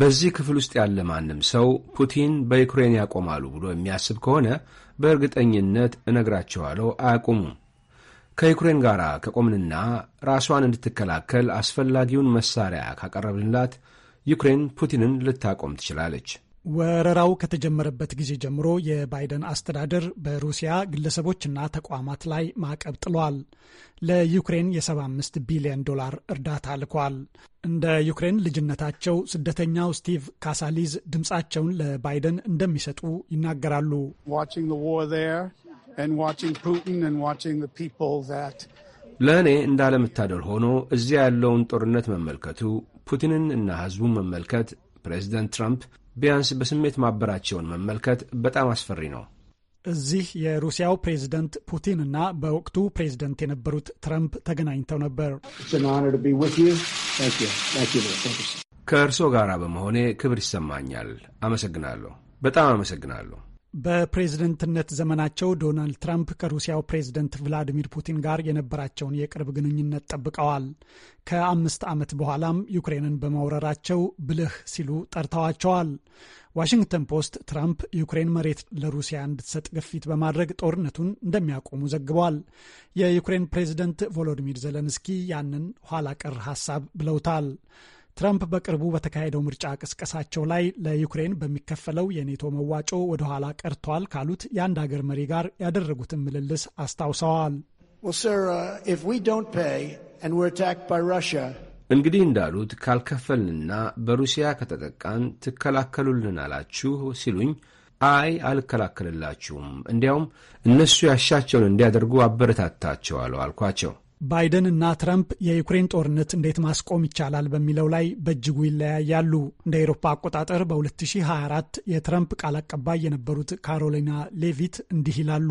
Speaker 1: በዚህ ክፍል ውስጥ ያለ ማንም ሰው ፑቲን በዩክሬን ያቆማሉ ብሎ የሚያስብ ከሆነ በእርግጠኝነት እነግራቸዋለሁ አያቁሙም። ከዩክሬን ጋር ከቆምንና ራሷን እንድትከላከል አስፈላጊውን መሳሪያ ካቀረብንላት ዩክሬን ፑቲንን ልታቆም ትችላለች።
Speaker 3: ወረራው ከተጀመረበት ጊዜ ጀምሮ የባይደን አስተዳደር በሩሲያ ግለሰቦችና ተቋማት ላይ ማዕቀብ ጥሏል። ለዩክሬን የ75 ቢሊዮን ዶላር እርዳታ ልኳል። እንደ ዩክሬን ልጅነታቸው ስደተኛው ስቲቭ ካሳሊዝ ድምፃቸውን ለባይደን እንደሚሰጡ ይናገራሉ።
Speaker 1: ለእኔ እንዳለመታደል ሆኖ እዚያ ያለውን ጦርነት መመልከቱ፣ ፑቲንን እና ሕዝቡን መመልከት፣ ፕሬዚደንት ትራምፕ ቢያንስ በስሜት ማበራቸውን መመልከት በጣም አስፈሪ ነው።
Speaker 3: እዚህ የሩሲያው ፕሬዝደንት ፑቲን እና በወቅቱ ፕሬዝደንት የነበሩት ትራምፕ ተገናኝተው ነበር።
Speaker 1: ከእርሶ ጋር በመሆኔ ክብር ይሰማኛል። አመሰግናለሁ። በጣም አመሰግናለሁ።
Speaker 3: በፕሬዝደንትነት ዘመናቸው ዶናልድ ትራምፕ ከሩሲያው ፕሬዝደንት ቭላዲሚር ፑቲን ጋር የነበራቸውን የቅርብ ግንኙነት ጠብቀዋል። ከአምስት ዓመት በኋላም ዩክሬንን በማውረራቸው ብልህ ሲሉ ጠርተዋቸዋል። ዋሽንግተን ፖስት ትራምፕ ዩክሬን መሬት ለሩሲያ እንድትሰጥ ግፊት በማድረግ ጦርነቱን እንደሚያቆሙ ዘግቧል። የዩክሬን ፕሬዝደንት ቮሎዲሚር ዘለንስኪ ያንን ኋላ ቀር ሀሳብ ብለውታል። ትራምፕ በቅርቡ በተካሄደው ምርጫ ቅስቀሳቸው ላይ ለዩክሬን በሚከፈለው የኔቶ መዋጮ ወደኋላ ቀርቷል ካሉት የአንድ አገር መሪ ጋር ያደረጉትን ምልልስ አስታውሰዋል።
Speaker 8: uh,
Speaker 1: እንግዲህ እንዳሉት ካልከፈልንና በሩሲያ ከተጠቃን ትከላከሉልን አላችሁ ሲሉኝ አይ አልከላከልላችሁም፣ እንዲያውም እነሱ ያሻቸውን እንዲያደርጉ አበረታታቸዋለሁ አልኳቸው።
Speaker 3: ባይደን እና ትረምፕ የዩክሬን ጦርነት እንዴት ማስቆም ይቻላል በሚለው ላይ በእጅጉ ይለያያሉ። እንደ ኤሮፓ አቆጣጠር በ2024 የትረምፕ ቃል አቀባይ የነበሩት ካሮሊና ሌቪት እንዲህ ይላሉ።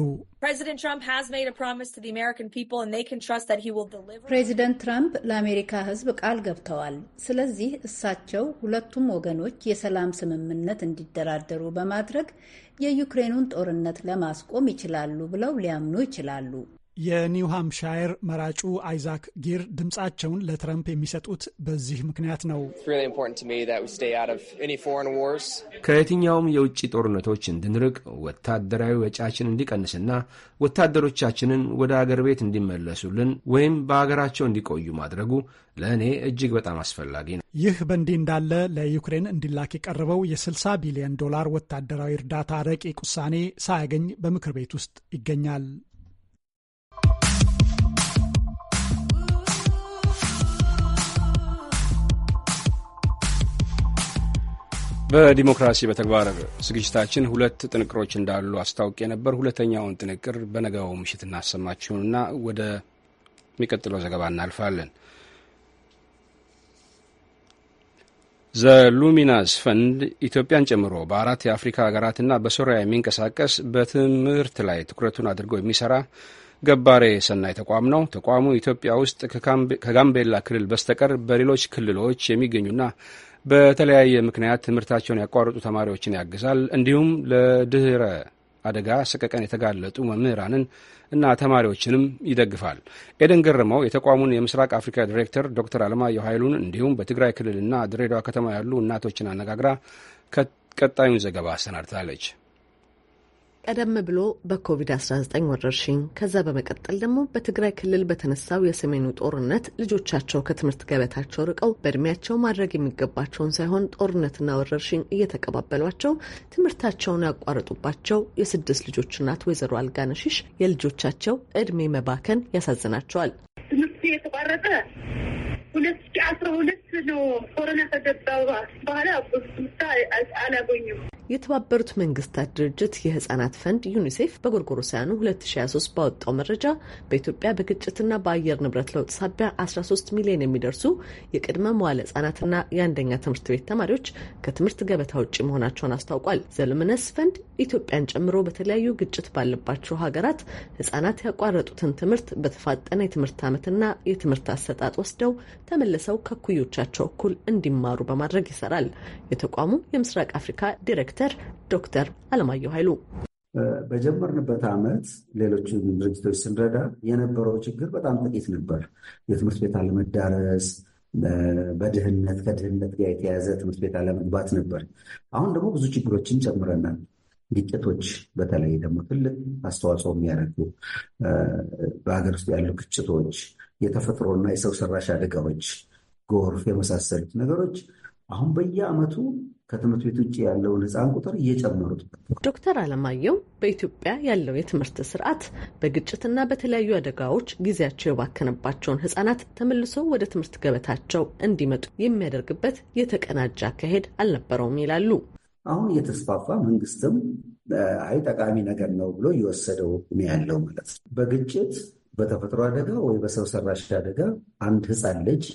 Speaker 12: ፕሬዚደንት ትራምፕ ለአሜሪካ ሕዝብ ቃል ገብተዋል። ስለዚህ እሳቸው ሁለቱም ወገኖች የሰላም ስምምነት እንዲደራደሩ በማድረግ የዩክሬኑን ጦርነት ለማስቆም ይችላሉ ብለው ሊያምኑ ይችላሉ።
Speaker 3: የኒው ሃምፕሻየር መራጩ አይዛክ ጊር ድምፃቸውን ለትረምፕ የሚሰጡት በዚህ ምክንያት ነው።
Speaker 1: ከየትኛውም የውጭ ጦርነቶች እንድንርቅ ወታደራዊ ወጪያችን እንዲቀንስና ወታደሮቻችንን ወደ አገር ቤት እንዲመለሱልን ወይም በአገራቸው እንዲቆዩ ማድረጉ ለእኔ እጅግ በጣም አስፈላጊ ነው።
Speaker 3: ይህ በእንዲህ እንዳለ ለዩክሬን እንዲላክ የቀረበው የ60 ቢሊዮን ዶላር ወታደራዊ እርዳታ ረቂቅ ውሳኔ ሳያገኝ በምክር ቤት ውስጥ ይገኛል።
Speaker 1: በዲሞክራሲ በተግባር ዝግጅታችን ሁለት ጥንቅሮች እንዳሉ አስታውቅ ነበር። ሁለተኛውን ጥንቅር በነገው ምሽት እናሰማችሁንና ወደ ሚቀጥለው ዘገባ እናልፋለን። ዘ ሉሚናስ ፈንድ ኢትዮጵያን ጨምሮ በአራት የአፍሪካ ሀገራትና በሶሪያ የሚንቀሳቀስ በትምህርት ላይ ትኩረቱን አድርጎ የሚሰራ ገባሬ ሰናይ ተቋም ነው። ተቋሙ ኢትዮጵያ ውስጥ ከጋምቤላ ክልል በስተቀር በሌሎች ክልሎች የሚገኙና በተለያየ ምክንያት ትምህርታቸውን ያቋረጡ ተማሪዎችን ያግዛል። እንዲሁም ለድህረ አደጋ ሰቀቀን የተጋለጡ መምህራንን እና ተማሪዎችንም ይደግፋል። ኤደን ገርመው የተቋሙን የምስራቅ አፍሪካ ዲሬክተር ዶክተር አለማየሁ ኃይሉን እንዲሁም በትግራይ ክልልና ድሬዳዋ ከተማ ያሉ እናቶችን አነጋግራ ቀጣዩን ዘገባ አሰናድታለች።
Speaker 10: ቀደም ብሎ በኮቪድ-19 ወረርሽኝ ከዛ በመቀጠል ደግሞ በትግራይ ክልል በተነሳው የሰሜኑ ጦርነት ልጆቻቸው ከትምህርት ገበታቸው ርቀው በእድሜያቸው ማድረግ የሚገባቸውን ሳይሆን ጦርነትና ወረርሽኝ እየተቀባበሏቸው ትምህርታቸውን ያቋረጡባቸው የስድስት ልጆች እናት ወይዘሮ አልጋነሽሽ የልጆቻቸው እድሜ መባከን ያሳዝናቸዋል።
Speaker 6: ትምህርት የተቋረጠ ሁለት አስራ ሁለት ነው ኮሮና ከገባ በኋላ አላገኙም
Speaker 10: የተባበሩት መንግስታት ድርጅት የህጻናት ፈንድ ዩኒሴፍ በጎርጎሮሳያኑ 2023 ባወጣው መረጃ በኢትዮጵያ በግጭትና በአየር ንብረት ለውጥ ሳቢያ 13 ሚሊዮን የሚደርሱ የቅድመ መዋለ ህጻናትና የአንደኛ ትምህርት ቤት ተማሪዎች ከትምህርት ገበታ ውጭ መሆናቸውን አስታውቋል። ዘልምነስ ፈንድ ኢትዮጵያን ጨምሮ በተለያዩ ግጭት ባለባቸው ሀገራት ህጻናት ያቋረጡትን ትምህርት በተፋጠነ የትምህርት ዓመትና የትምህርት አሰጣጥ ወስደው ተመልሰው ከኩዮቻቸው እኩል እንዲማሩ በማድረግ ይሰራል። የተቋሙ የምስራቅ አፍሪካ ዲሬክተር ዳይሬክተር ዶክተር አለማየሁ ኃይሉ
Speaker 6: በጀመርንበት ዓመት ሌሎችን ድርጅቶች ስንረዳ የነበረው ችግር በጣም ጥቂት ነበር። የትምህርት ቤት አለመዳረስ፣ በድህነት ከድህነት ጋር የተያዘ ትምህርት ቤት አለመግባት ነበር። አሁን ደግሞ ብዙ ችግሮችን ጨምረናል። ግጭቶች፣ በተለይ ደግሞ ትልቅ አስተዋጽኦ የሚያደርጉ በሀገር ውስጥ ያሉ ግጭቶች፣ የተፈጥሮና የሰው ሰራሽ አደጋዎች፣ ጎርፍ የመሳሰሉት ነገሮች አሁን በየዓመቱ ከትምህርት ቤት ውጭ ያለውን ህፃን ቁጥር እየጨመሩት።
Speaker 10: ዶክተር አለማየሁ በኢትዮጵያ ያለው የትምህርት ስርዓት በግጭትና በተለያዩ አደጋዎች ጊዜያቸው የባከነባቸውን ህጻናት ተመልሶ ወደ ትምህርት ገበታቸው እንዲመጡ የሚያደርግበት የተቀናጀ አካሄድ አልነበረውም ይላሉ።
Speaker 6: አሁን እየተስፋፋ መንግስትም አይ ጠቃሚ ነገር ነው ብሎ እየወሰደው ነው ያለው ማለት ነው። በግጭት በተፈጥሮ አደጋ ወይ በሰው ሰራሽ አደጋ አንድ ህፃን ልጅ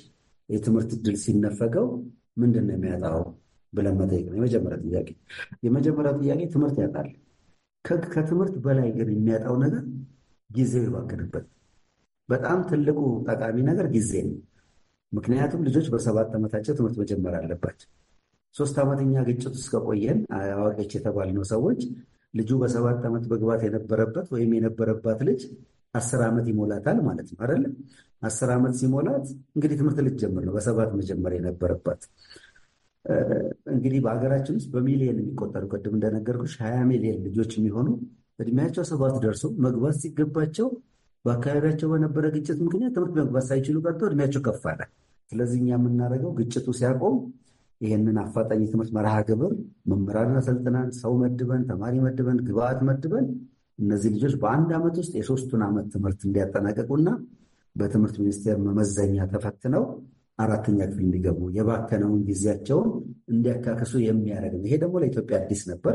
Speaker 6: የትምህርት እድል ሲነፈገው ምንድን ነው የሚያጣው? ብለን መጠየቅ ነው የመጀመሪያ ጥያቄ። የመጀመሪያ ጥያቄ ትምህርት ያጣል። ከትምህርት በላይ ግን የሚያጣው ነገር ጊዜው ይባክንበት። በጣም ትልቁ ጠቃሚ ነገር ጊዜ ነው። ምክንያቱም ልጆች በሰባት ዓመታቸው ትምህርት መጀመር አለባቸው። ሶስት ዓመተኛ ግጭት ውስጥ ከቆየን አዋቂዎች የተባልነው ሰዎች ልጁ በሰባት ዓመት መግባት የነበረበት ወይም የነበረባት ልጅ አስር ዓመት ይሞላታል ማለት ነው አይደለም። አስር ዓመት ሲሞላት እንግዲህ ትምህርት ልትጀምር ነው። በሰባት መጀመር የነበረባት እንግዲህ በሀገራችን ውስጥ በሚሊየን የሚቆጠሩ ቅድም እንደነገርኩሽ ሀያ ሚሊየን ልጆች የሚሆኑ እድሜያቸው ሰባት ደርሶ መግባት ሲገባቸው በአካባቢያቸው በነበረ ግጭት ምክንያት ትምህርት መግባት ሳይችሉ ቀርቶ እድሜያቸው ከፍ አለ። ስለዚህ እኛ የምናደርገው ግጭቱ ሲያቆም ይህንን አፋጣኝ የትምህርት መርሃ ግብር መምህራን አሰልጥናን፣ ሰው መድበን፣ ተማሪ መድበን፣ ግብአት መድበን እነዚህ ልጆች በአንድ ዓመት ውስጥ የሶስቱን ዓመት ትምህርት እንዲያጠናቀቁና በትምህርት ሚኒስቴር መመዘኛ ተፈትነው አራተኛ ክፍል እንዲገቡ የባከነውን ጊዜያቸውን እንዲያካክሱ የሚያደርግ ነው። ይሄ ደግሞ ለኢትዮጵያ አዲስ ነበር።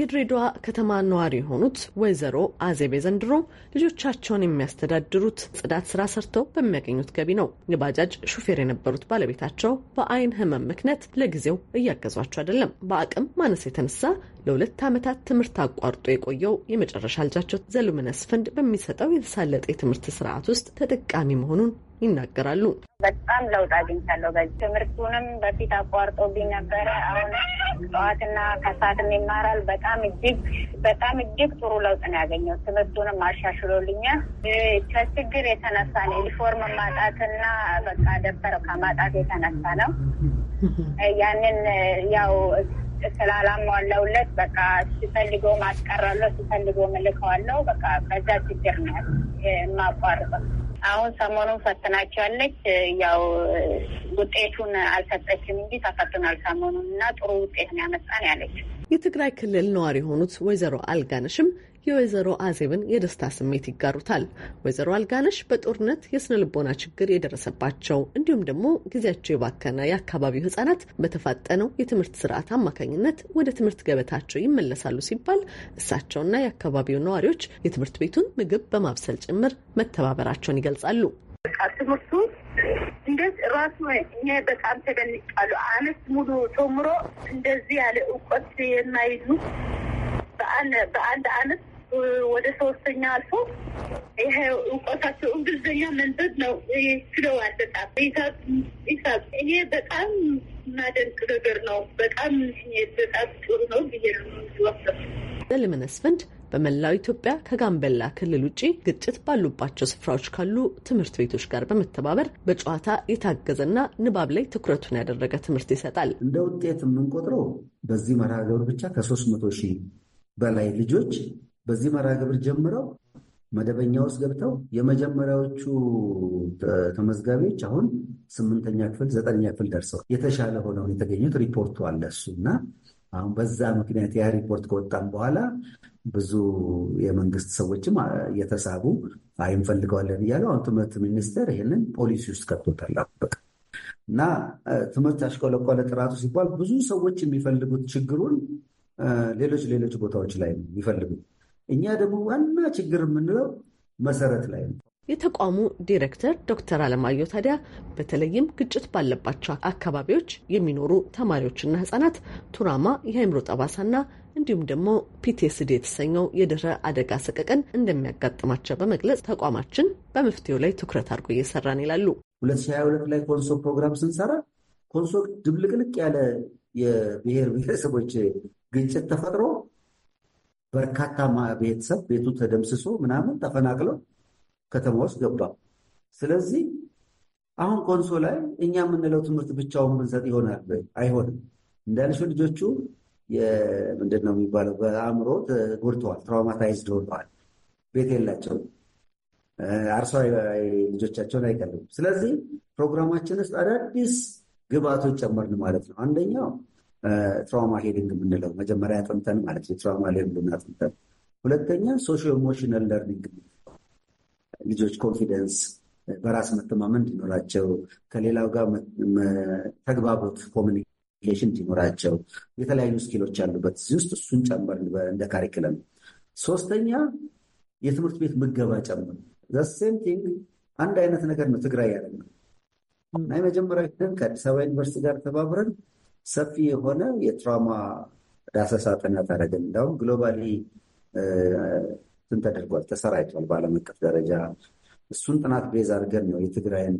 Speaker 10: የድሬዳዋ ከተማ ነዋሪ የሆኑት ወይዘሮ አዜቤ ዘንድሮ ልጆቻቸውን የሚያስተዳድሩት ጽዳት ስራ ሰርተው በሚያገኙት ገቢ ነው። የባጃጅ ሹፌር የነበሩት ባለቤታቸው በአይን ህመም ምክንያት ለጊዜው እያገዟቸው አይደለም። በአቅም ማነስ የተነሳ ለሁለት ዓመታት ትምህርት አቋርጦ የቆየው የመጨረሻ ልጃቸው ዘሉምነስ ፈንድ በሚሰጠው የተሳለጠ የትምህርት ስርዓት ውስጥ ተጠቃሚ መሆኑን ይናገራሉ።
Speaker 12: በጣም ለውጥ አግኝቻለሁ። በዚህ ትምህርቱንም በፊት አቋርጦብኝ ነበረ። አሁን ጠዋትና ከሰዓትም ይማራል። በጣም እጅግ በጣም እጅግ ጥሩ ለውጥ ነው ያገኘው። ትምህርቱንም አሻሽሎልኛል። ከችግር የተነሳ ነው ዩኒፎርም ማጣትና በቃ ደብተር ከማጣት የተነሳ ነው። ያንን ያው ስላላሟላሁለት በቃ ሲፈልገ ማስቀራለሁ፣ ሲፈልገ ምልከዋለሁ። በቃ በዛ ችግር ነው የማቋርጠው። አሁን ሰሞኑን ፈትናቸዋለች። ያው ውጤቱን አልሰጠችም እንጂ
Speaker 5: ተፈትኗል ሰሞኑን እና ጥሩ ውጤት ነው ያመጣን ያለች።
Speaker 10: የትግራይ ክልል ነዋሪ የሆኑት ወይዘሮ አልጋነሽም የወይዘሮ አዜብን የደስታ ስሜት ይጋሩታል። ወይዘሮ አልጋነሽ በጦርነት የስነ ልቦና ችግር የደረሰባቸው እንዲሁም ደግሞ ጊዜያቸው የባከነ የአካባቢው ህጻናት በተፋጠነው የትምህርት ስርዓት አማካኝነት ወደ ትምህርት ገበታቸው ይመለሳሉ ሲባል እሳቸውና የአካባቢው ነዋሪዎች የትምህርት ቤቱን ምግብ በማብሰል ጭምር መተባበራቸውን ይገልጻሉ። ትምህርቱ
Speaker 6: እንደዚህ ራሱ እኔ በጣም ተደንቃሉ። አመት ሙሉ ተምሮ እንደዚህ ያለ እውቀት የማይዙ በአንድ አመት ወደ ሶስተኛ አልፎ ይሄ እውቀታቸው እንግሊዝኛ
Speaker 10: መንበብ ነው ችለዋል። በጣም ሂሳብ ይሄ በጣም ማደንቅ ነገር ነው። በጣም በጣም ጥሩ ነው ብዬ ነው ለመነስፈንድ በመላው ኢትዮጵያ ከጋምቤላ ክልል ውጪ ግጭት ባሉባቸው ስፍራዎች ካሉ ትምህርት ቤቶች ጋር በመተባበር በጨዋታ የታገዘና ንባብ ላይ ትኩረቱን ያደረገ ትምህርት ይሰጣል። እንደ ውጤት የምንቆጥረው
Speaker 6: በዚህ መርሃ ግብር ብቻ ከሶስት መቶ ሺህ በላይ ልጆች በዚህ መርሃ ግብር ጀምረው መደበኛ ውስጥ ገብተው የመጀመሪያዎቹ ተመዝጋቢዎች አሁን ስምንተኛ ክፍል ዘጠነኛ ክፍል ደርሰው የተሻለ ሆነው የተገኙት ሪፖርቱ አለ እሱ እና አሁን በዛ ምክንያት ያ ሪፖርት ከወጣም በኋላ ብዙ የመንግስት ሰዎችም እየተሳቡ አይንፈልገዋለን እያለው አሁን ትምህርት ሚኒስቴር ይህንን ፖሊሲ ውስጥ ከቶታል እና ትምህርት አሽቆለቆለ ጥራቱ ሲባል ብዙ ሰዎች የሚፈልጉት ችግሩን ሌሎች ሌሎች ቦታዎች ላይ ነው የሚፈልጉት እኛ ደግሞ ዋና ችግር የምንለው መሰረት ላይ ነው።
Speaker 10: የተቋሙ ዲሬክተር ዶክተር አለማየሁ ታዲያ በተለይም ግጭት ባለባቸው አካባቢዎች የሚኖሩ ተማሪዎችና ህጻናት ቱራማ የአእምሮ ጠባሳና እንዲሁም ደግሞ ፒቴስዲ የተሰኘው የድህረ አደጋ ሰቀቀን እንደሚያጋጥማቸው በመግለጽ ተቋማችን በመፍትሄው ላይ ትኩረት አድርጎ እየሰራን ይላሉ።
Speaker 6: 2022 ላይ ኮንሶ ፕሮግራም ስንሰራ ኮንሶ ድብልቅልቅ ያለ የብሔር ብሔረሰቦች ግጭት ተፈጥሮ በርካታ ቤተሰብ ቤቱ ተደምስሶ ምናምን ተፈናቅለው ከተማ ውስጥ ገብቷል። ስለዚህ አሁን ኮንሶ ላይ እኛ የምንለው ትምህርት ብቻውን ብንሰጥ ይሆናል? አይሆንም። እንዳልሽው ልጆቹ ምንድን ነው የሚባለው በአእምሮ ጎድተዋል፣ ትራውማታይዝድ ሆነዋል። ቤት የላቸው አርሶ ልጆቻቸውን አይቀልም። ስለዚህ ፕሮግራማችን ውስጥ አዳዲስ ግብአቶች ጨመርን ማለት ነው። አንደኛው ትራውማ ሄሊንግ የምንለው መጀመሪያ አጥንተን ማለት የትራውማ ሌብሉን አጥንተን፣ ሁለተኛ ሶሽ ኢሞሽናል ለርኒንግ ልጆች ኮንፊደንስ በራስ መተማመን እንዲኖራቸው ከሌላው ጋር ተግባቦት ኮሚኒኬሽን እንዲኖራቸው የተለያዩ ስኪሎች ያሉበት እዚህ ውስጥ እሱን ጨምር እንደ ካሪክለም። ሶስተኛ የትምህርት ቤት ምገባ ጨምር። ዘሴም ቲንግ አንድ አይነት ነገር ነው ትግራይ ያለ ነው እና የመጀመሪያ ከአዲስ አበባ ዩኒቨርሲቲ ጋር ተባብረን ሰፊ የሆነ የትራውማ ዳሰሳ ጥናት አደረገ። እንዲሁም ግሎባሊ እንትን ተደርጓል፣ ተሰራይቷል በዓለም አቀፍ ደረጃ። እሱን ጥናት ቤዝ አድርገን ነው የትግራይን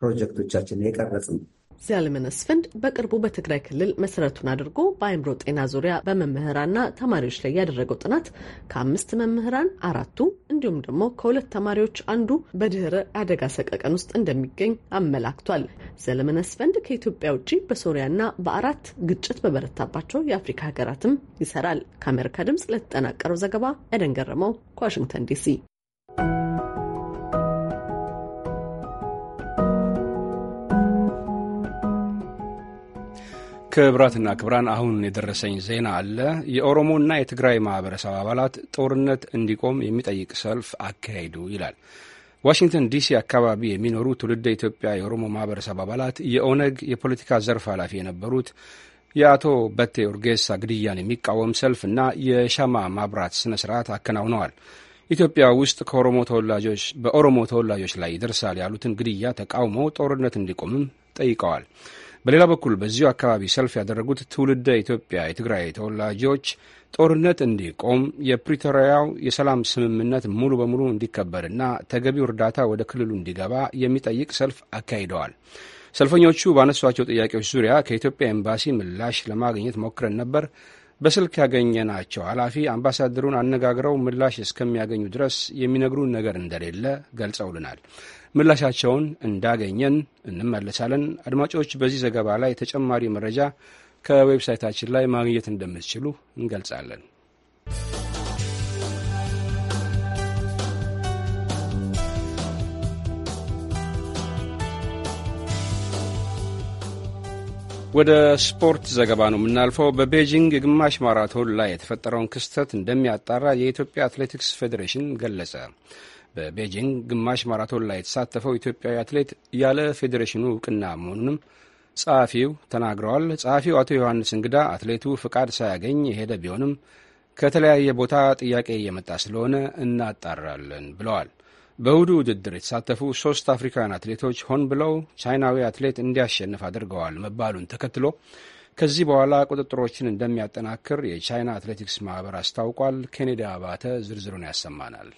Speaker 6: ፕሮጀክቶቻችን የቀረጽ ነው።
Speaker 10: ዘላለመነስ ፈንድ በቅርቡ በትግራይ ክልል መሰረቱን አድርጎ በአይምሮ ጤና ዙሪያ በመምህራንና ተማሪዎች ላይ ያደረገው ጥናት ከአምስት መምህራን አራቱ እንዲሁም ደግሞ ከሁለት ተማሪዎች አንዱ በድህረ አደጋ ሰቀቀን ውስጥ እንደሚገኝ አመላክቷል። ዘለመነስ ፈንድ ከኢትዮጵያ ውጭ በሶሪያና በአራት ግጭት በበረታባቸው የአፍሪካ ሀገራትም ይሰራል። ከአሜሪካ ድምፅ ለተጠናቀረው ዘገባ ኤደን ገረመው ከዋሽንግተን ዲሲ
Speaker 1: ክብራትና ክብራን አሁን የደረሰኝ ዜና አለ። የኦሮሞና የትግራይ ማህበረሰብ አባላት ጦርነት እንዲቆም የሚጠይቅ ሰልፍ አካሄዱ ይላል። ዋሽንግተን ዲሲ አካባቢ የሚኖሩ ትውልደ ኢትዮጵያ የኦሮሞ ማህበረሰብ አባላት የኦነግ የፖለቲካ ዘርፍ ኃላፊ የነበሩት የአቶ በቴ ኡርጌሳ ግድያን የሚቃወም ሰልፍ እና የሻማ ማብራት ስነ ስርዓት አከናውነዋል። ኢትዮጵያ ውስጥ ከኦሮሞ ተወላጆች በኦሮሞ ተወላጆች ላይ ይደርሳል ያሉትን ግድያ ተቃውሞ ጦርነት እንዲቆምም ጠይቀዋል። በሌላ በኩል በዚሁ አካባቢ ሰልፍ ያደረጉት ትውልደ ኢትዮጵያ የትግራይ ተወላጆች ጦርነት እንዲቆም የፕሪቶሪያው የሰላም ስምምነት ሙሉ በሙሉ እንዲከበርና ተገቢው እርዳታ ወደ ክልሉ እንዲገባ የሚጠይቅ ሰልፍ አካሂደዋል። ሰልፈኞቹ ባነሷቸው ጥያቄዎች ዙሪያ ከኢትዮጵያ ኤምባሲ ምላሽ ለማግኘት ሞክረን ነበር። በስልክ ያገኘናቸው ኃላፊ አምባሳደሩን አነጋግረው ምላሽ እስከሚያገኙ ድረስ የሚነግሩን ነገር እንደሌለ ገልጸውልናል። ምላሻቸውን እንዳገኘን እንመለሳለን። አድማጮች፣ በዚህ ዘገባ ላይ ተጨማሪ መረጃ ከዌብሳይታችን ላይ ማግኘት እንደምትችሉ እንገልጻለን። ወደ ስፖርት ዘገባ ነው የምናልፈው። በቤጂንግ የግማሽ ማራቶን ላይ የተፈጠረውን ክስተት እንደሚያጣራ የኢትዮጵያ አትሌቲክስ ፌዴሬሽን ገለጸ። በቤጂንግ ግማሽ ማራቶን ላይ የተሳተፈው ኢትዮጵያዊ አትሌት ያለ ፌዴሬሽኑ እውቅና መሆኑንም ጸሐፊው ተናግረዋል። ጸሐፊው አቶ ዮሐንስ እንግዳ አትሌቱ ፍቃድ ሳያገኝ የሄደ ቢሆንም ከተለያየ ቦታ ጥያቄ እየመጣ ስለሆነ እናጣራለን ብለዋል። በእሁዱ ውድድር የተሳተፉ ሶስት አፍሪካውያን አትሌቶች ሆን ብለው ቻይናዊ አትሌት እንዲያሸንፍ አድርገዋል መባሉን ተከትሎ ከዚህ በኋላ ቁጥጥሮችን እንደሚያጠናክር የቻይና አትሌቲክስ
Speaker 2: ማኅበር አስታውቋል። ኬኔዳ አባተ ዝርዝሩን ያሰማናል።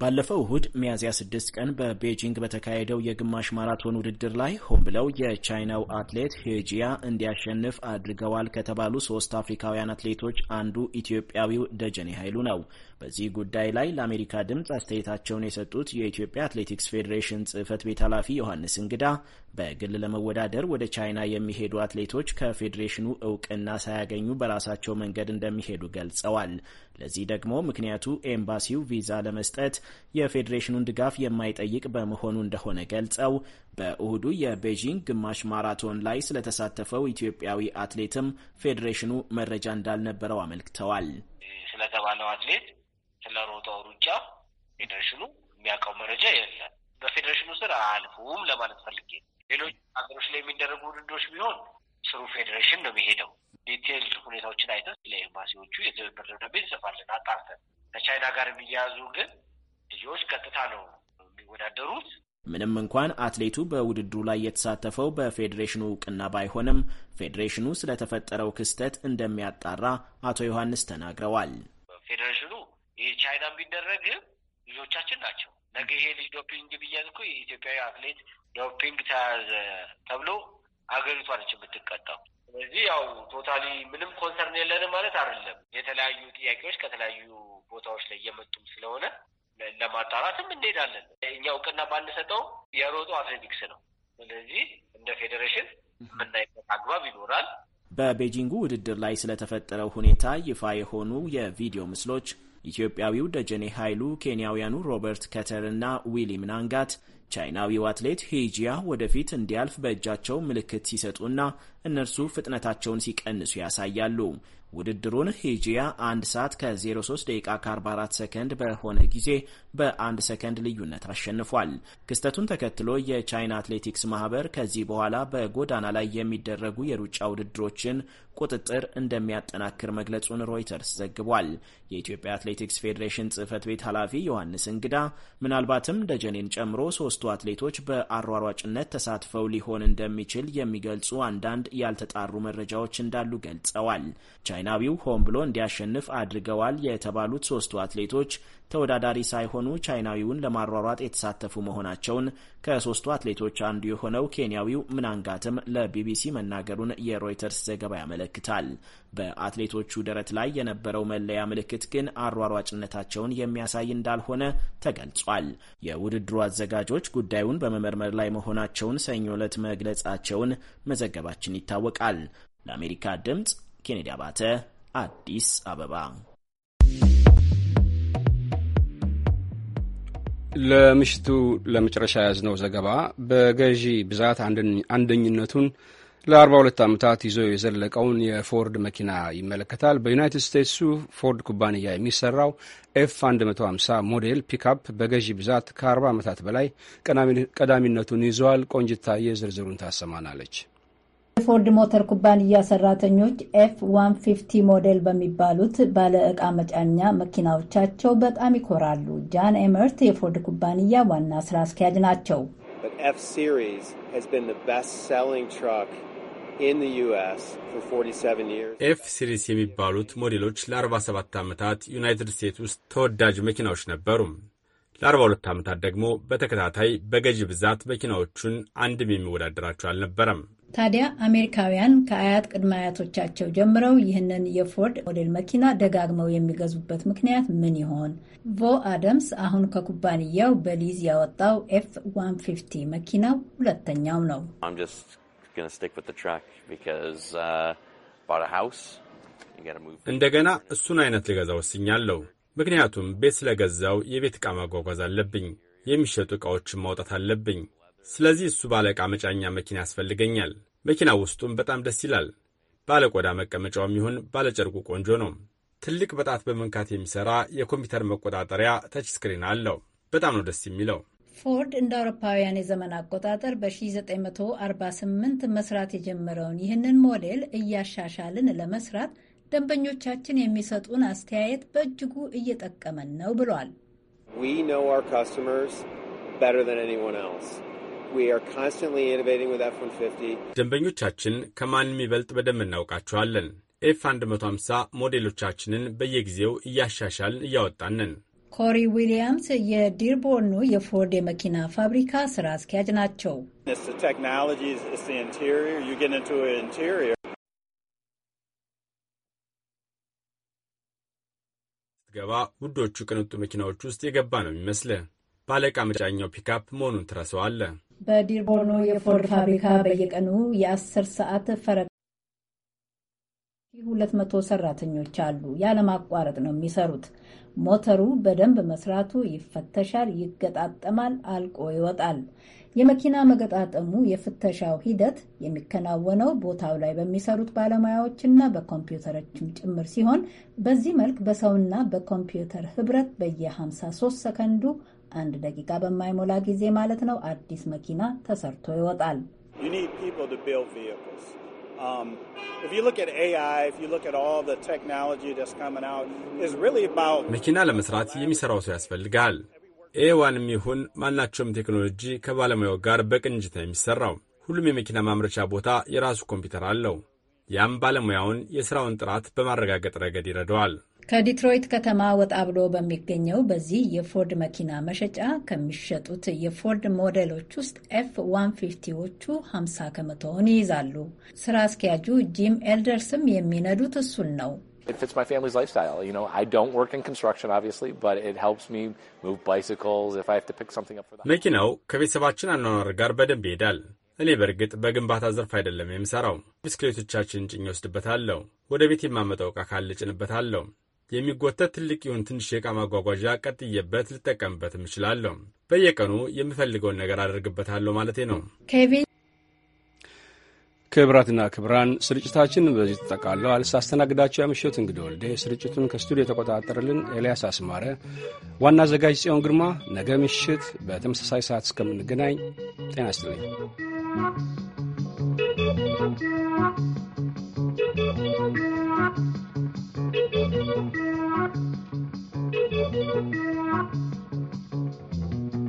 Speaker 2: ባለፈው እሁድ ሚያዝያ 6 ቀን በቤጂንግ በተካሄደው የግማሽ ማራቶን ውድድር ላይ ሆን ብለው የቻይናው አትሌት ሄጂያ እንዲያሸንፍ አድርገዋል ከተባሉ ሶስት አፍሪካውያን አትሌቶች አንዱ ኢትዮጵያዊው ደጀኔ ኃይሉ ነው። በዚህ ጉዳይ ላይ ለአሜሪካ ድምፅ አስተያየታቸውን የሰጡት የኢትዮጵያ አትሌቲክስ ፌዴሬሽን ጽህፈት ቤት ኃላፊ ዮሐንስ እንግዳ በግል ለመወዳደር ወደ ቻይና የሚሄዱ አትሌቶች ከፌዴሬሽኑ እውቅና ሳያገኙ በራሳቸው መንገድ እንደሚሄዱ ገልጸዋል። ለዚህ ደግሞ ምክንያቱ ኤምባሲው ቪዛ ለመስጠት የፌዴሬሽኑን ድጋፍ የማይጠይቅ በመሆኑ እንደሆነ ገልጸው በእሁዱ የቤጂንግ ግማሽ ማራቶን ላይ ስለተሳተፈው ኢትዮጵያዊ አትሌትም ፌዴሬሽኑ መረጃ እንዳልነበረው አመልክተዋል።
Speaker 6: ስለተባለው አትሌት ስለ ሮጠው ሩጫ ፌዴሬሽኑ የሚያውቀው መረጃ የለም። በፌዴሬሽኑ ስር አልፉም ለማለት ፈልጌ ሌሎች ሀገሮች ላይ የሚደረጉ ውድድሮች ቢሆን ስሩ ፌዴሬሽን ነው የሚሄደው። ዲቴል ሁኔታዎችን አይተን ለኤምባሲዎቹ የትብብር ደብዳቤ እንጽፋለን አጣርተን። ከቻይና ጋር የሚያያዙ ግን ልጆች ቀጥታ ነው
Speaker 2: የሚወዳደሩት። ምንም እንኳን አትሌቱ በውድድሩ ላይ የተሳተፈው በፌዴሬሽኑ እውቅና ባይሆንም ፌዴሬሽኑ ስለተፈጠረው ክስተት እንደሚያጣራ አቶ ዮሐንስ ተናግረዋል። ፌዴሬሽኑ ይህ ቻይና ቢደረግ ልጆቻችን ናቸው ነገ
Speaker 6: ይሄ ልጅ ዶፒንግ ብያዝ እኮ የኢትዮጵያዊ አትሌት ዶፒንግ ተያዘ ተብሎ አገሪቷ ነች የምትቀጣው። ስለዚህ ያው ቶታሊ ምንም ኮንሰርን የለንም ማለት አይደለም። የተለያዩ ጥያቄዎች ከተለያዩ ቦታዎች ላይ እየመጡም ስለሆነ ለማጣራትም እንሄዳለን። እኛ እውቅና ባንሰጠው የሮጦ አትሌቲክስ ነው። ስለዚህ እንደ ፌዴሬሽን የምናይበት አግባብ
Speaker 2: ይኖራል። በቤጂንጉ ውድድር ላይ ስለተፈጠረው ሁኔታ ይፋ የሆኑ የቪዲዮ ምስሎች ኢትዮጵያዊው ደጀኔ ኃይሉ፣ ኬንያውያኑ ሮበርት ከተር እና ዊሊም ናንጋት፣ ቻይናዊው አትሌት ሂጂያ ወደፊት እንዲያልፍ በእጃቸው ምልክት ሲሰጡና እነርሱ ፍጥነታቸውን ሲቀንሱ ያሳያሉ። ውድድሩን ሂጂያ አንድ ሰዓት ከ03 ደቂቃ ከ44 ሰከንድ በሆነ ጊዜ በአንድ ሰከንድ ልዩነት አሸንፏል። ክስተቱን ተከትሎ የቻይና አትሌቲክስ ማህበር ከዚህ በኋላ በጎዳና ላይ የሚደረጉ የሩጫ ውድድሮችን ቁጥጥር እንደሚያጠናክር መግለጹን ሮይተርስ ዘግቧል። የኢትዮጵያ አትሌቲክስ ፌዴሬሽን ጽህፈት ቤት ኃላፊ ዮሐንስ እንግዳ ምናልባትም ደጀኔን ጨምሮ ሶስቱ አትሌቶች በአሯሯጭነት ተሳትፈው ሊሆን እንደሚችል የሚገልጹ አንዳንድ ያልተጣሩ መረጃዎች እንዳሉ ገልጸዋል። ቻይናዊው ሆን ብሎ እንዲያሸንፍ አድርገዋል የተባሉት ሶስቱ አትሌቶች ተወዳዳሪ ሳይሆኑ ቻይናዊውን ለማሯሯጥ የተሳተፉ መሆናቸውን ከሶስቱ አትሌቶች አንዱ የሆነው ኬንያዊው ምናንጋትም ለቢቢሲ መናገሩን የሮይተርስ ዘገባ ያመለክታል። በአትሌቶቹ ደረት ላይ የነበረው መለያ ምልክት ግን አሯሯጭነታቸውን የሚያሳይ እንዳልሆነ ተገልጿል። የውድድሩ አዘጋጆች ጉዳዩን በመመርመር ላይ መሆናቸውን ሰኞ ዕለት መግለጻቸውን መዘገባችን ይታወቃል። ለአሜሪካ ድምፅ ኬኔዲ አባተ አዲስ አበባ።
Speaker 1: ለምሽቱ ለመጨረሻ ያዝነው ዘገባ በገዢ ብዛት አንደኝነቱን ለ42 ዓመታት ይዞ የዘለቀውን የፎርድ መኪና ይመለከታል። በዩናይትድ ስቴትሱ ፎርድ ኩባንያ የሚሰራው ኤፍ 150 ሞዴል ፒካፕ በገዢ ብዛት ከ40 ዓመታት በላይ ቀዳሚነቱን ይዘዋል። ቆንጅታዬ ዝርዝሩን ታሰማናለች።
Speaker 12: የፎርድ ሞተር ኩባንያ ሰራተኞች ኤፍ 150 ሞዴል በሚባሉት ባለ ዕቃ መጫኛ መኪናዎቻቸው በጣም ይኮራሉ። ጃን ኤመርት የፎርድ ኩባንያ ዋና ስራ አስኪያጅ ናቸው።
Speaker 11: ኤፍ ሲሪስ የሚባሉት ሞዴሎች ለ47 ዓመታት ዩናይትድ ስቴትስ ውስጥ ተወዳጅ መኪናዎች ነበሩ። ለ42 ዓመታት ደግሞ በተከታታይ በገዢ ብዛት መኪናዎቹን አንድም የሚወዳደራቸው አልነበረም።
Speaker 12: ታዲያ አሜሪካውያን ከአያት ቅድመ አያቶቻቸው ጀምረው ይህንን የፎርድ ሞዴል መኪና ደጋግመው የሚገዙበት ምክንያት ምን ይሆን? ቮ አደምስ አሁን ከኩባንያው በሊዝ ያወጣው ኤፍ 150 መኪናው ሁለተኛው ነው።
Speaker 11: uh, እንደገና እሱን አይነት ልገዛ ወስኛለሁ። ምክንያቱም ቤት ስለገዛው የቤት ዕቃ ማጓጓዝ አለብኝ። የሚሸጡ ዕቃዎችን ማውጣት አለብኝ። ስለዚህ እሱ ባለቃ መጫኛ መኪና ያስፈልገኛል። መኪና ውስጡም በጣም ደስ ይላል። ባለቆዳ መቀመጫውም ይሁን ባለጨርቁ ቆንጆ ነው። ትልቅ በጣት በመንካት የሚሰራ የኮምፒውተር መቆጣጠሪያ ተች ስክሪን አለው። በጣም ነው ደስ የሚለው።
Speaker 12: ፎርድ እንደ አውሮፓውያን የዘመን አቆጣጠር በ1948 መስራት የጀመረውን ይህንን ሞዴል እያሻሻልን ለመስራት ደንበኞቻችን የሚሰጡን አስተያየት በእጅጉ እየጠቀመን ነው ብሏል።
Speaker 11: ደንበኞቻችን ከማንም ይበልጥ በደንብ እናውቃቸዋለን። ኤፍ 150 ሞዴሎቻችንን በየጊዜው እያሻሻልን እያወጣንን።
Speaker 12: ኮሪ ዊሊያምስ የዲርቦርኑ የፎርድ የመኪና ፋብሪካ ስራ አስኪያጅ ናቸው።
Speaker 4: ስትገባ
Speaker 11: ውዶቹ ቅንጡ መኪናዎች ውስጥ የገባ ነው የሚመስልህ ባለቃ መጫኛው ፒካፕ መሆኑን ትረሰዋለ።
Speaker 12: በዲርቦርኖ የፎርድ ፋብሪካ በየቀኑ የአስር ሰዓት ፈረቃ ሁለት መቶ ሰራተኞች አሉ። ያለማቋረጥ ነው የሚሰሩት። ሞተሩ በደንብ መስራቱ ይፈተሻል፣ ይገጣጠማል፣ አልቆ ይወጣል። የመኪና መገጣጠሙ የፍተሻው ሂደት የሚከናወነው ቦታው ላይ በሚሰሩት ባለሙያዎችና በኮምፒውተሮችም ጭምር ሲሆን በዚህ መልክ በሰውና በኮምፒውተር ህብረት በየ53 ሰከንዱ አንድ ደቂቃ በማይሞላ ጊዜ ማለት ነው አዲስ መኪና ተሰርቶ ይወጣል።
Speaker 9: um,
Speaker 11: መኪና ለመስራት የሚሰራው ሰው ያስፈልጋል። ኤዋንም ይሁን ማናቸውም ቴክኖሎጂ ከባለሙያው ጋር በቅንጅት ነው ሁሉም የመኪና ማምረቻ ቦታ የራሱ ኮምፒውተር አለው። ያም ባለሙያውን የሥራውን ጥራት በማረጋገጥ ረገድ ይረዳዋል።
Speaker 12: ከዲትሮይት ከተማ ወጣ ብሎ በሚገኘው በዚህ የፎርድ መኪና መሸጫ ከሚሸጡት የፎርድ ሞዴሎች ውስጥ ኤፍ 150ዎቹ 50 ከመቶውን ይይዛሉ። ስራ አስኪያጁ ጂም ኤልደርስም የሚነዱት እሱን ነው።
Speaker 11: መኪናው ከቤተሰባችን አኗኗር ጋር በደንብ ይሄዳል። እኔ በእርግጥ በግንባታ ዘርፍ አይደለም የምሰራው። ብስክሌቶቻችን ጭኝ ወስድበታለሁ። ወደ ቤት የማመጣው ዕቃ ካለ ጭንበታለሁ። የሚጎተት ትልቅ ይሁን ትንሽ የእቃ ማጓጓዣ ቀጥዬበት ልጠቀምበትም እችላለሁ። በየቀኑ
Speaker 1: የምፈልገውን ነገር አደርግበታለሁ ማለቴ ነው። ክብራትና ክብራን ስርጭታችን በዚህ ተጠቃለዋል። ሳስተናግዳቸው ያምሽት እንግዲህ ወልዴ፣ ስርጭቱን ከስቱዲዮ የተቆጣጠረልን ኤልያስ አስማረ፣ ዋና አዘጋጅ ጽዮን ግርማ። ነገ ምሽት በተመሳሳይ ሰዓት እስከምንገናኝ ጤና ይስጥልኝ።